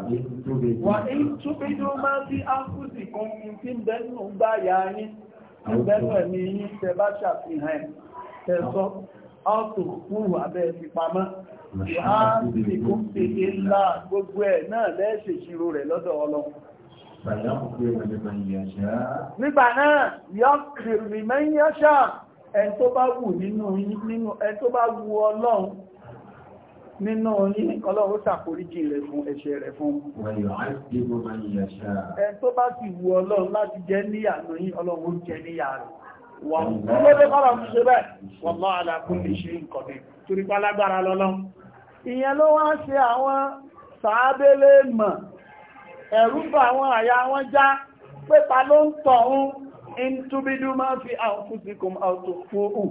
ní túbìdó máa fi áfúsì kan kí tí bẹ́ẹ̀ nù gbáyà yìí Ìgbẹ́fẹ̀ ni yí tẹ bá ṣàfihàn ẹ̀ tẹ́sọ́, ọ́tò fúrù abẹ́ ìfipamọ́. Ìhásìlì kó fi ilá gbogbo ẹ̀ náà lẹ́ẹ̀ṣẹ̀ ìṣirò rẹ̀ lọ́dọ̀ Ọlọ́run. Nígbà náà, yọ́ kìrì mẹ́yìn yọ́ṣà, ẹ̀ tó bá wù nínú ẹ̀ tó bá wù Ọlọ́run nínú yín ọlọ́run ṣàforíjì rẹ̀ fún ẹ̀ṣẹ̀ rẹ̀ fún ẹn tó bá ti wù ọlọ́run láti jẹ́ níyà nù yín ọlọ́run jẹ́ níyà rẹ̀ wọ́n lọ́dọ́ kọ́lọ̀ ń ṣe bẹ́ẹ̀ wọ́n lọ́ àlàkún lè ṣe nǹkan ní torí pálágbára lọ́lọ́run ìyẹn ló wá ṣe àwọn sàábélé mọ̀ ẹ̀rú bá àwọn àyà wọn já pé ta ló ń tọ̀ ń in túbídú máa fi àwọn fúsìkùn àtòfóhùn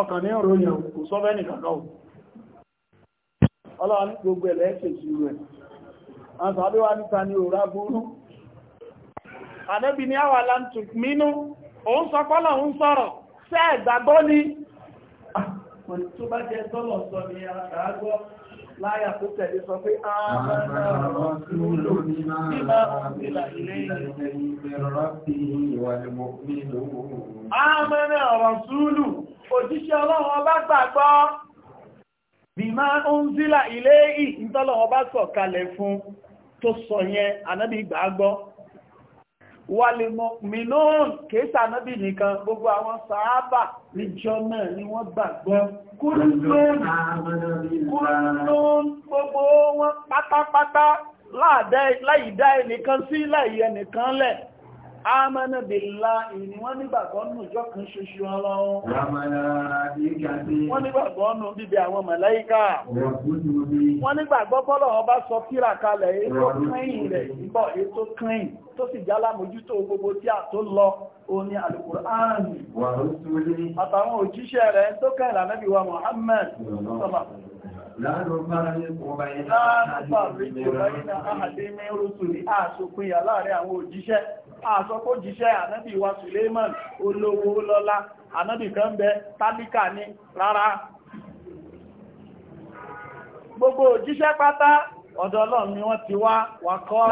ọkàn ní ọ̀rọ̀ yẹn kò sọ fẹ́ nìkan náà ọlọ́run gbogbo ẹ̀lẹ́ ṣèṣì rẹ̀ àtàdíwá níta ni òrà burú àdẹ́bì ní àwà lántù mínú òun sọ pọ́lọ̀ ń sọ̀rọ̀ sẹ́ẹ̀gbàgbọ́ ni ah, tó bá jẹ́ tọ́lọ̀ sọ ni àgbàgbọ́ láyà tó tẹ̀lé sọ pé ààmẹ́rẹ́ ọ̀rọ̀ súúlù òjíṣẹ́ ọlọ́run ọba gbàgbọ́ bí máa ń sílà ilé ì ọba sọ̀kalẹ̀ fún tó sọ yẹn wàlèmọ̀ mìíràn kéèsà náàbì nìkan gbogbo àwọn sàábà níjọ náà ni wọ́n gbàgbọ́ kúrúnlóòn gbogbo wọn pátápátá láìdá ẹnìkan sí láì ẹnìkan lẹ̀ Amana billahi ni wọ́n nígbàgbọ́ nù jọ kan ṣoṣo ọlọ́run. Wọ́n nígbàgbọ́ nù bíbi àwọn màláíkà. Wọ́n nígbàgbọ́ bọ́lọ̀ ọba sọ kíra kalẹ̀ ètò kẹ́yìn rẹ̀ ìbọ̀ tó sì jálá mójútó gbogbo tí a tó lọ oní alùkùránì. Àtàwọn òjíṣẹ́ rẹ̀ tó kẹ́ ìlànàbí wa Muhammad sọ́lá. Láàrùn fàárí kò báyìí àsọpọ̀ jíṣẹ́ ànábì wa Suleiman olówó lọ́lá ànábì kan bẹ tálíkà ní rárá gbogbo òjíṣẹ́ pátá ọ̀dọ̀ ọlọ́run ni wọ́n ti wá wakọ́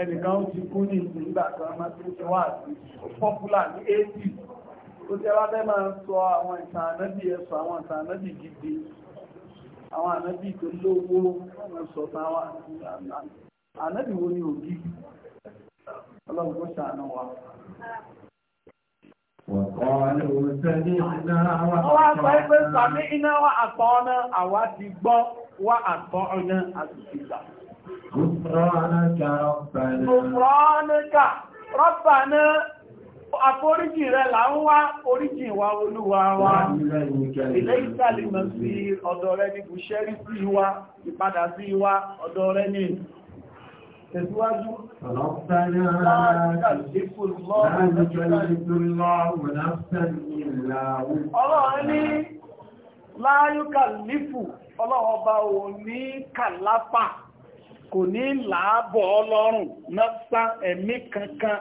ẹnìkan ti kú ní ìgbà kan ti wá àti pọ́pùlà ní 80 ó tẹ́ wá fẹ́ máa sọ àwọn ìtàn ànábì ẹ̀sọ àwọn ìtàn ànábì gidi àwọn ànábì tó lówó wọ́n sọ ànábì wo ni òbí ọlọ́run kó ṣàánú wa. Ọwọ́ àgbà ẹgbẹ́ sàmí iná wá àtọ́ ọ̀nà àwa ti gbọ́ wá àtọ́ ọ̀nà àtìsí gbà. Òfúránẹ́kà rọ́bà àforíjì rẹ̀ là ń wá oríjì wa olúwa wa. Ilé ìsàlìmọ̀ sí ọ̀dọ̀ rẹ̀ ní Bùṣẹ́rí sí wa, ìpadà sí wa, ọ̀dọ̀ rẹ̀ ní tẹ̀síwájú ọlọ́run ní láyúkà lífù ọlọ́run ọba ò ní kàlápà kò ní làábọ̀ ọlọ́run náà ẹ̀mí kankan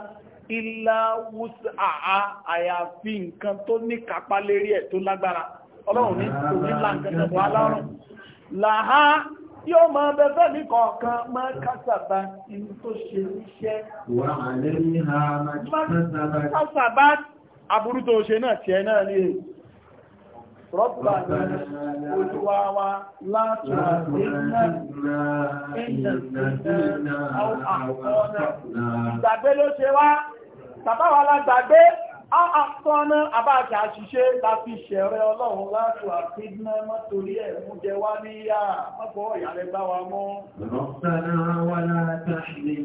ilá wùsà àá àyàfi nǹkan tó ní kápá lérí ẹ̀ tó lágbára ọlọ́run ní kò ní làǹkan tẹ̀bọ̀ alárùn làá yóò máa bẹ̀fẹ́ mi kọ̀ọ̀kan máa kásàbá inú tó ṣe iṣẹ́ wà àlẹ́rí ha máa kásàbá aburú tó ṣe náà tí ẹ náà ní èyí rọ́pàá olúwa wa látàrà ìgbàgbé ló ṣe wá tàbáwà lágbàgbé àtọ́nà àbájá ṣiṣẹ́ láti ṣẹ̀rẹ̀ ọlọ́run láti wà tí ná mọ́tòrí ẹ̀ mú jẹ wá ní yá mọ́pọ̀ ìyàlẹ̀ bá wa mọ́. Rabbana wa la tahmil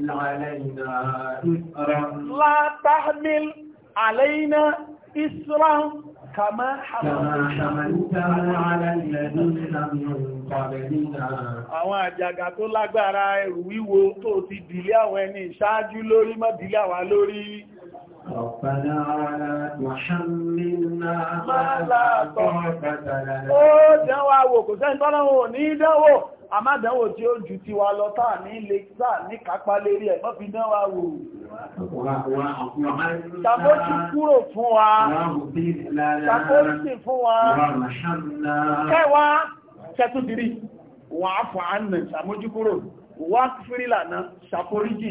Àwọn àjàgà tó lágbára ẹrù wíwo tó ti dìlé àwọn ẹni ìṣáájú lórí mọ́ dìlé àwa lórí. ربنا لا تحملنا ما لا طاقة لنا ó dánwò àwò kò sẹ́ni tọ́lọ́wò ní dánwò àmádánwò tí ó ju tiwa lọ táà ní lè sáà ní kápá lérí ẹ̀ mọ́ fi dánwò àwò Tàbójú kúrò fún wa, tàbójú fún wa, kẹwàá, kẹtùdìrí, wà fún àánà, ṣàmójú kúrò, wà fírílànà, ṣàforíjì,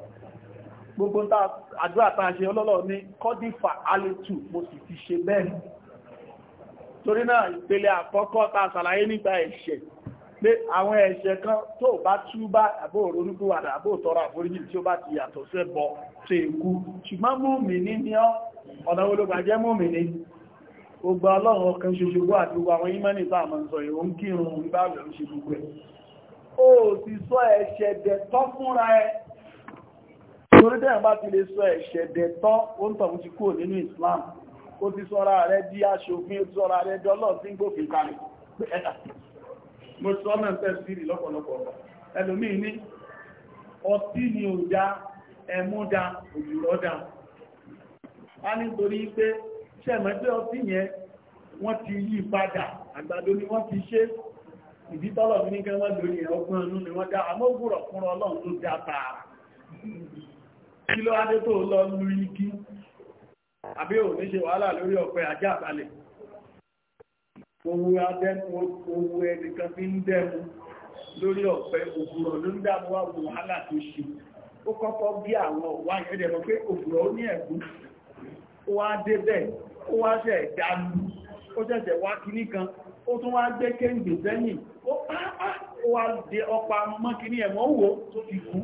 gbogbo àdúrà tá a ṣe ọlọ́lọ́ ní kọ́dífà alẹ́tù mo sì ti ṣe bẹ́ẹ̀ torí náà ìpele àkọ́kọ́ ta ṣàlàyé nípa ẹ̀ṣẹ̀ pé àwọn ẹ̀ṣẹ̀ kan tó bá túbá àbó òrónúkúwàdà àbó tọrọ àforíjì tí ó bá ti yàtọ̀ sẹ́ bọ tó ikú ṣùgbọ́n múmìnì ní ọ̀nà olóbàjẹ́ múmìnì gbogbo ọlọ́run ọkàn ṣoṣogbo àti gbogbo àwọn ìmánì tá àmọ́ sọ ìrún kírun ìbáwẹ̀ ń ṣe gbogbo ẹ̀ ó sì sọ torí tẹ́yàn bá ti lè sọ ẹ̀ṣẹ̀ dẹ̀tọ́ ó ti kúrò nínú Islam ó ti sọ́ra rẹ̀ di aṣòfin ó ti sọ́ra rẹ̀ dọ́lọ̀ tí ń gbòfin kalẹ̀ mo sọ náà tẹ́ sírì lọ́pọ̀lọpọ̀ ẹlòmíì ní ọtí ni ò dá ẹmú dá òjùrọ̀ dá a nítorí pé ṣẹ̀mọ́ ọtí yẹn wọ́n ti yí padà àgbàdo ni wọ́n ti ṣe ìdí tọ́lọ̀ ní kẹ́ wọ́n lórí ọgbọ́n inú ni wọ́n dá àmọ́ òwúrọ̀ fúnra Ọlọ́run ló dá tààrà kí ló adé tó lọ lu igi àbí ò ní ṣe wàhálà lórí ọ̀pẹ ajá àbálẹ̀ owó adẹ́nu owó ẹnìkan fi ń dẹ́mu lórí ọ̀pẹ òbúrọ̀ ló ń dàmú àwọn wàhálà tó ṣe ó kọ́kọ́ bí àwọn ọ̀wá ìrẹ́dẹ̀ lọ pé òbúrọ̀ ó wá ó tún wá gbé kéǹgbè sẹ́yìn ó pàápàá wá dé ọpa mọ́kíní ẹ̀mọ́ wò tó fi kú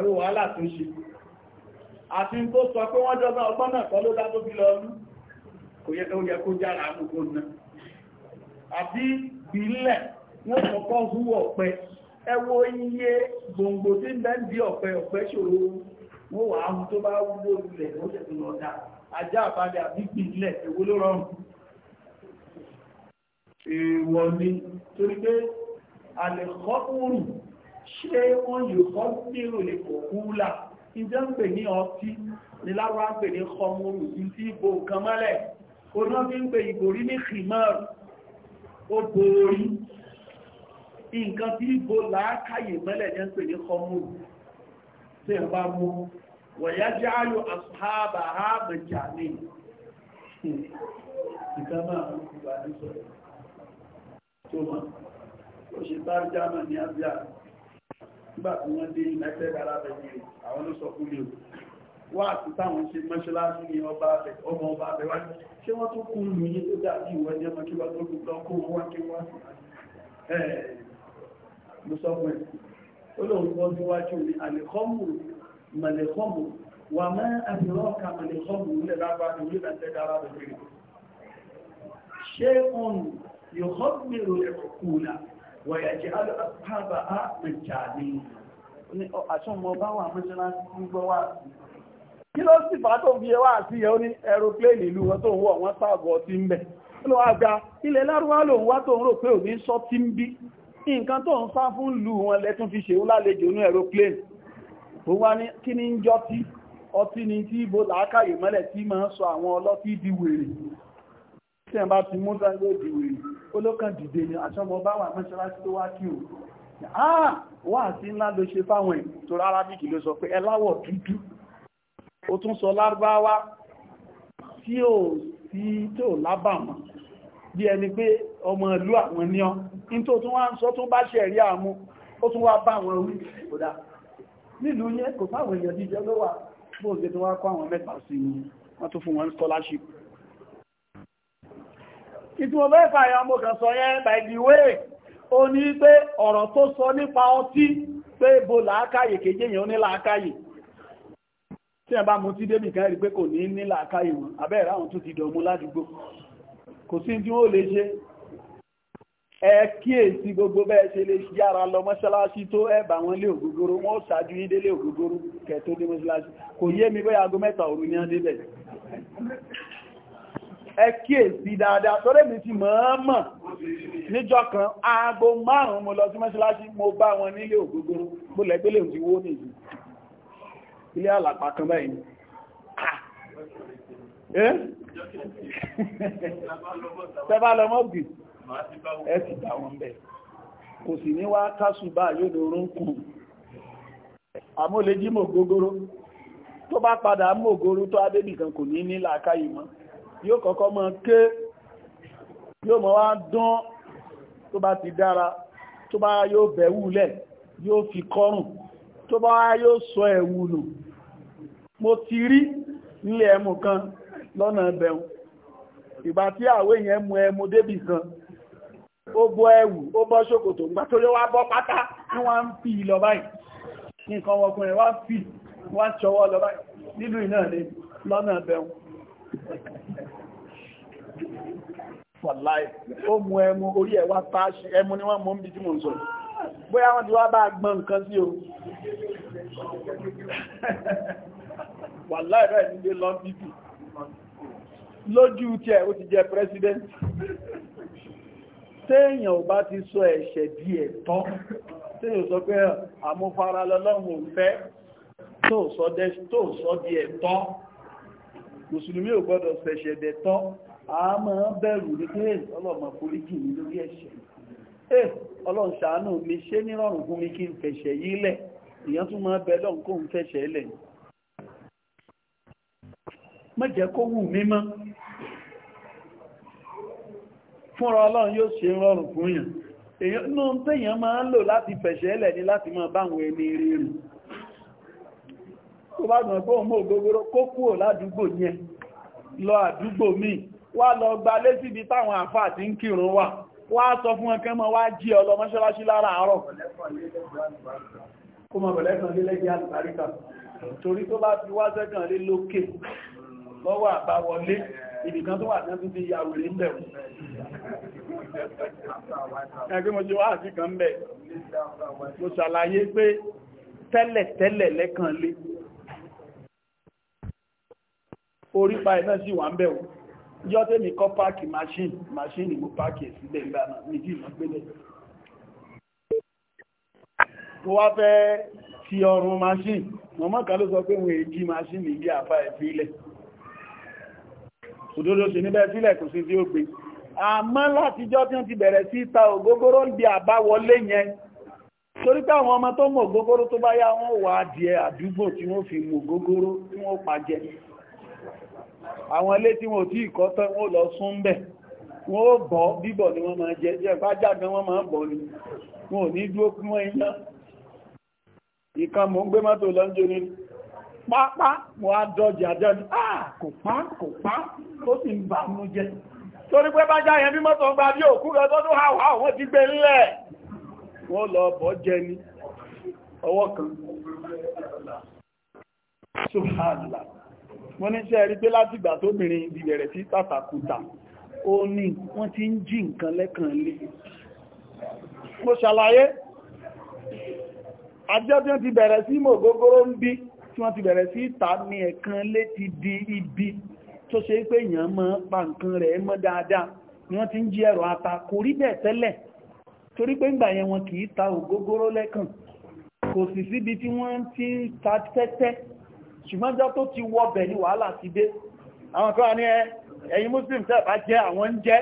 ẹwọ wàhálà tó ṣe àti tó sọ pé wọ́n jọba ọgbọ́n náà kọ́ ló dá tó fi lọ ọdún kò yẹ tó yẹ kó jára àmúkó náà àbí ìbílẹ̀ wọ́n kọ̀kọ́ húwọ̀ ọ̀pẹ ẹwọ iye gbòǹgbò tí ń bẹ́ ọ̀pẹ ọ̀pẹ ṣòro wọ́n wà áhù tó bá wúlò ilẹ̀ ó tó lọ ṣé wọ́n yóò kọ́ nírò ní kòkúlà ìjọ ń pè ní ọtí ní láwá ń pè ní kọmúrù tí ìbò nǹkan mọ́lẹ̀ oná fi ń pè ìbòrí ní kìmọ́rù ó borí nǹkan tí ìbò làákàyè mọ́lẹ̀ ní ń pè ní kọmúrù tí ẹ bá mú wọ̀yá ayò àṣàbà àmàjà ní ìkan máa ń tó mọ̀ ó ṣe bá jámà ní abíyá nígbà tí wọ́n dé united arab emirates àwọn ló sọ fún mi o wá àti táwọn ṣe mọ́ṣáláṣí ní ọba abẹ ọmọ ọba abẹ wá ṣé wọ́n tún kún lù yín tó dàbí ìwọ ẹni ọmọ kí wọ́n tó gbogbo ọkọ̀ wọn wá kí wọ́n ẹ̀ mo sọ fún ẹ ó lóun kọ́ síwájú ní àlèkọ́mù mọ̀lẹ́kọ́mù wà mẹ́ àbúrọ́ọ̀ka mọ̀lẹ́kọ́mù nílẹ̀ lábá ní orílẹ̀ tẹ́lẹ̀ ara rẹ̀ kiri ṣé òun yóò họ́ wọ̀yàjẹ́lú àpábà àpẹjàní àṣọ́mọ̀ bá wà mọ́ṣẹ́lá gbọ́ wà sí kí ló sì bá tó fi ẹwà sí ẹ orí aeroplane ìlú wọn tó ń wọ̀ wọ́n pàgọ́ tí ń bẹ̀ lọ àgbà ilẹ̀ lárúwá lòun wá tó ń rò pé òní sọ tí ń bí nǹkan tó ń sá fún lù wọn lẹ́tún fi ṣeun lálejò ní aeroplane tó wá ní kí ní ń jọ tí ọtí tí ẹ̀bá ti mú sáyé ìdìwèrè olókàn dìde ni àṣọ́mọ bá wà mọ́ṣáláṣí tó wá kí o àà wà sí ńlá ló ṣe fáwọn ẹ̀ tó rárá bí kì ló sọ pé ẹláwọ̀ dúdú ó tún sọ lárúbáwá tí ò sí tó lábàmọ̀ bí ẹni pé ọmọ ìlú àwọn ní ọ ní tó tún wá ń sọ tún bá ṣe ẹ̀rí àmú ó tún wá bá àwọn orí kódà nílùú yẹn kò fáwọn èèyàn jíjẹ ló wà bóògbé tó wá kọ́ àwọn mẹ́ta sí ni wọ́n tún fún wọn scholarship ìtí mo mẹ́fà ya mo kàn sọ yẹn by the way ó ní pé ọ̀rọ̀ tó sọ nípa ọtí pé bo làákàyè kéje yẹn ó ní làákàyè tí ẹ bá mú tí débì kan rí pé kò ní ní làákàyè wọn abẹ́rẹ́ àwọn tó ti dọ̀mú ládùúgbò kò sí tí wọ́n lè ṣe ẹ kíyèsí gbogbo bẹ́ẹ̀ ṣe lè yára lọ mọ́ṣáláṣí tó ẹ̀bà wọn lé ògógóró wọ́n ṣáájú yín délé ògógóró kẹ̀ tó dé mọ́ṣáláṣí kò yé mi bóyá aago mẹ́ta òru ni wọ́n débẹ̀ ẹ kíyèsí dáadáa torí mi ti mọ̀ọ́mọ̀ níjọ́ kan aago márùn-ún mo lọ sí mọ́ṣáláṣí mo bá wọn nílé ògógóró mo lẹ́gbẹ́lẹ̀ òjì wó nìyí ilé àlàpà kan báyìí tẹ́bá lọ mọ́ bì ẹ ti bá wọn bẹ̀ kò sì ní wá kásùbà yóò lórún kùn àmọ́ tó bá padà mọ̀ gógóró tó adébìkan kò ní ní làákàyè mọ́ yóò kọ́kọ́ mọ́ ké yóò mọ́ wá dán tó bá ti dára tó bá yóò bẹ̀wúlẹ̀ yóò fi kọrùn tó bá yóò sọ ẹ̀wù nù mo ti rí nílé ẹmu kan lọ́nà ẹbẹ̀un ìgbà tí àwé yẹn mu ẹmu débì kan ó bọ́ ẹ̀wù ó bọ́ ṣòkòtò nígbà tó yóò wá bọ́ pátá ní wọ́n ń fi lọ báyìí nǹkan ọkùnrin wá fi wọ́n ṣọwọ́ lọ báyìí nílùú ìnáà ní lọ́nà ẹbẹ̀un wàláì ó mú ẹmu orí ẹ̀ wá táṣì ẹmu ni wọ́n mú ń bí tí mò ń sọ bóyá wọ́n ti wá bá gbọ́n nǹkan sí o wàláì lójú tí ẹ̀ ó ti jẹ́ president téèyàn ò bá ti sọ ẹ̀ṣẹ̀ di ẹ̀tọ́ téèyàn sọ pé àmúfara lọ́lọ́run ò fẹ́ tó sọ di ẹ̀tọ́ mùsùlùmí ò gbọ́dọ̀ ṣẹ̀ṣẹ̀ dẹ̀tọ́ a máa bẹ̀rù ní pé ọlọ́mọ foríjì mi lórí ẹ̀ṣẹ̀ eh ọlọ́run ṣàánú mi ṣe nírọ̀rùn fún mi kí n fẹ̀ṣẹ̀ yìí lẹ̀ èèyàn tún máa bẹ lọ́n kó ń fẹ̀ṣẹ̀ lẹ̀ má jẹ́ kó wù mí mọ́ fúnra ọlọ́run yóò ṣe rọrùn fún yàn èèyàn inú téèyàn máa ń lò láti fẹ̀ṣẹ̀ lẹ̀ ni láti máa báwọn ẹni rí rìn tó bá gbọ́n pé òun mọ́ ògógóró lọ àdúgbò míì wá lọ gba lé síbi táwọn àfà àti ń kírun wà wá sọ fún ẹkẹ́ mọ́ wá jí ọlọ mọ́ṣáláṣí lára àárọ̀ kó mọ̀ bẹ̀lẹ́kàn lélẹ́gbẹ́ àtàríkà torí tó bá ti wá sẹ́kàn lé lókè lọ́wọ́ àbáwọlé ìdìkan tó wà ní ọdún ti ya wèrè ń bẹ̀ wọ́n. Ẹgbẹ́ mo ṣe wá àti kan bẹ̀. Mo ṣàlàyé pé tẹ́lẹ̀ tẹ́lẹ̀ lẹ́kàn lé. Orípa iná sì wà ń bẹ̀ wọ́n jọ tẹ́mi kọ́ páàkì machine machine mo páàkì ẹ̀ síbẹ̀ ìgbà náà méjì ìmọ̀ gbélé mo wá fẹ́ ti ọrùn machine mọ̀mọ́ kan ló sọ pé wọ́n èjì machine ìdí àfá ẹ̀ fílẹ̀ òdòdó sí níbẹ̀ fílẹ̀ kò sí tí ó gbé àmọ́ látijọ́ tí wọ́n ti bẹ̀rẹ̀ sí ta ògógóró ń di àbáwọlé yẹn torí pé àwọn ọmọ tó mọ̀ ògógóró tó bá yá wọ́n wà á di àdúgbò tí wọ́n fi mọ̀ ògógóró tí wọ́n pa àwọn ilé tí wọn ò tí ìkọ́ tán wọ́n lọ sún bẹ̀ wọ́n ó bọ́ bíbọ̀ ni wọ́n máa jẹ jẹ́ fájá gan wọ́n máa bọ̀ ni wọn ò ní dúró kí wọ́n iná ìkan mò ń gbé mọ́tò lọ́njọ́ ní pápá mo á dọ́jì àjọ ní àà kò pá kò pá tó sì ń bà mú jẹ torí pé bá subhanallah wọ́n ní ṣe rí pé láti ìgbà tó bìnrin ti bẹ̀rẹ̀ sí tàtàkùtà ó ní wọ́n ti ń jí nǹkan lẹ́kàn lé mo ṣàlàyé àjọ tí wọ́n ti bẹ̀rẹ̀ sí mò gógóró ń bí tí wọ́n ti bẹ̀rẹ̀ sí ìta ní ẹ̀kan lé ti di ibi tó ṣe pé èèyàn mọ́ pa nǹkan rẹ̀ mọ́ dáadáa ni wọ́n ti ń jí ẹ̀rọ ata kò rí bẹ́ẹ̀ tẹ́lẹ̀ torí pé ńgbà yẹn wọn kì í ta ògógóró lẹ́kàn kò sì síbi tí wọ́n ti ń ta tẹ́tẹ́ ṣùgbọ́n jọ tó ti wọ́bẹ̀ ní wàhálà ti dé àwọn kan ní ẹ̀yin muslim tẹ́ẹ̀bá jẹ́ àwọn ń jẹ́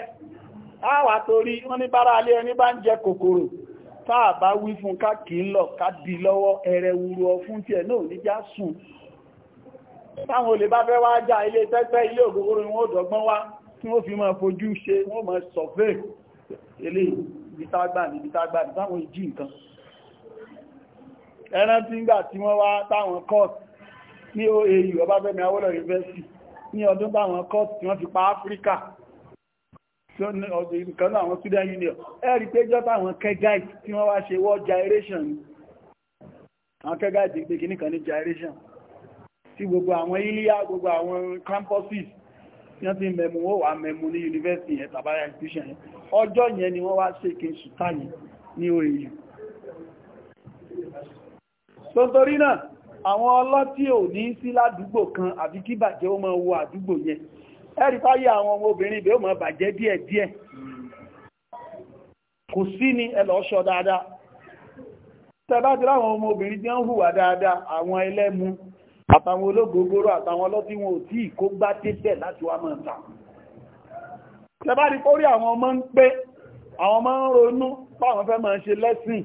àwà torí wọ́n ní bára alé ẹni bá ń jẹ kòkòrò táà bá wí fún ká kì í lọ ká di lọ́wọ́ ẹrẹ wúrọ fún tiẹ̀ náà ní já sùn táwọn olè bá fẹ́ wá já ilé tẹ́tẹ́ ilé ògógóró tí wọ́n fi ní ẹran tí ń gbà tí wọ́n wá táwọn kọ́ọ̀tù ní OAU Ọbáfẹ́mi Awólọ́wọ̀ University ní ọdún báwọn kọ́ọ̀tù tí wọ́n fi pa Áfíríkà nǹkan náà àwọn student union ẹ̀rí pé jọ́ta àwọn kẹgáìtì tí wọ́n wá ṣe world gyration àwọn kẹgáìtì pé kì níkan ní gyration tí gbogbo àwọn ilia gbogbo àwọn campuses tí wọ́n ti mẹ́mú ó wà mẹ́mú ní university yẹn tàbáyà institution yẹn ọjọ́ yẹn ni wọ́n wá ṣe kí n sùtá yìí ní OAU àwọn ọlọ́tí ò ní sí ládùúgbò kan àbí kí bàjẹ́ ó máa wo àdúgbò yẹn ẹ̀rí fáyé àwọn obìnrin ibẹ̀ ó máa bàjẹ́ díẹ̀díẹ̀ kò sí ni ẹ lọ ṣọ́ dáadáa tẹ́bájú láwọn ọmọ obìnrin tí ń hùwà dáadáa àwọn ẹlẹ́mu àtàwọn ológogoro àtàwọn ọlọ́tí wọn ò tí kó gbá débẹ̀ láti wá máa ta tẹ́bájú kórí àwọn ọmọ ń pé àwọn ọmọ ń ronú fáwọn fẹ́ máa ṣe lẹ́sìn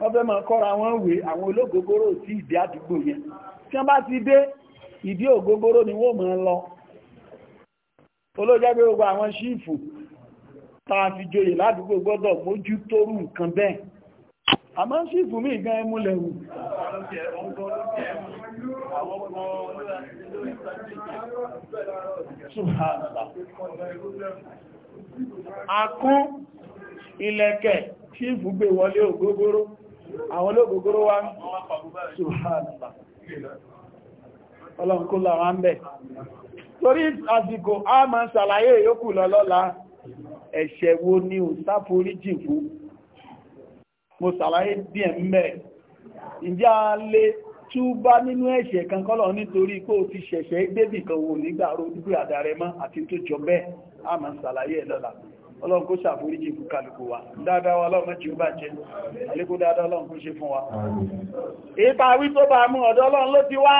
wọ́n fẹ́ máa kọ́ra wọn wé àwọn olóògógóró tí ìdí àdúgbò yẹn tí wọ́n bá ti dé ìdí ògógóró ni wọ́n máa lọ olóòjẹ́ pé gbogbo àwọn ṣífù tá a fi joyè ládùúgbò gbọ́dọ̀ mójú tóru nǹkan bẹ́ẹ̀ àmọ́ ṣífù mí gan ẹmú lẹ́wù akún ilẹ̀kẹ̀ ṣífù gbé wọlé ògógóró àwọn olóògbogoro wa ń ṣùhánàlá ọlọ́run ń bẹ̀ torí àsìkò a máa ṣàlàyé yòókù lọ́lọ́la ẹ̀ṣẹ̀ wo ni ò sáforíjì fún mo salaye díẹ̀ mẹ́ ǹjẹ́ a lè túbá nínú ẹ̀ṣẹ̀ kan nítorí ti ṣẹ̀ṣẹ̀ kan wò àdàrẹ mọ́ àti tó jọ ọlọ́run kó ṣàforíjì fún kálukú wa dáadáa wa ọlọ́run tí ó bá jẹ́ àlékún dáadáa ọlọ́run kó ṣe fún wa ipa wí tó bá mú ọ̀dọ̀ ọlọ́run ló ti wá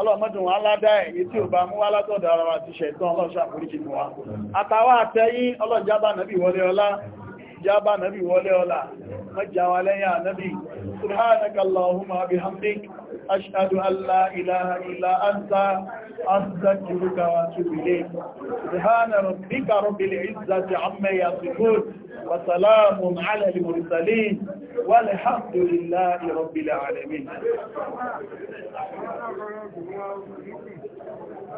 ọlọ́mọdún wa ládá èyí tí ò bá mú wá látọ̀dọ̀ ara wa ti ṣẹ̀tán ọlọ́run ṣàforíjì fún wa àtàwà àtẹ́yìn ọlọ́run jábà nàbì wọlé ọlá jábà nàbì wọlé ọlá mọ́jà wa lẹ́yìn ànábì سبحانك اللهم بحمدك أشهد أن لا إله إلا أنت أستغفرك وأتوب إليك سبحان ربك رب العزة عما يصفون وسلام على المرسلين والحمد لله رب العالمين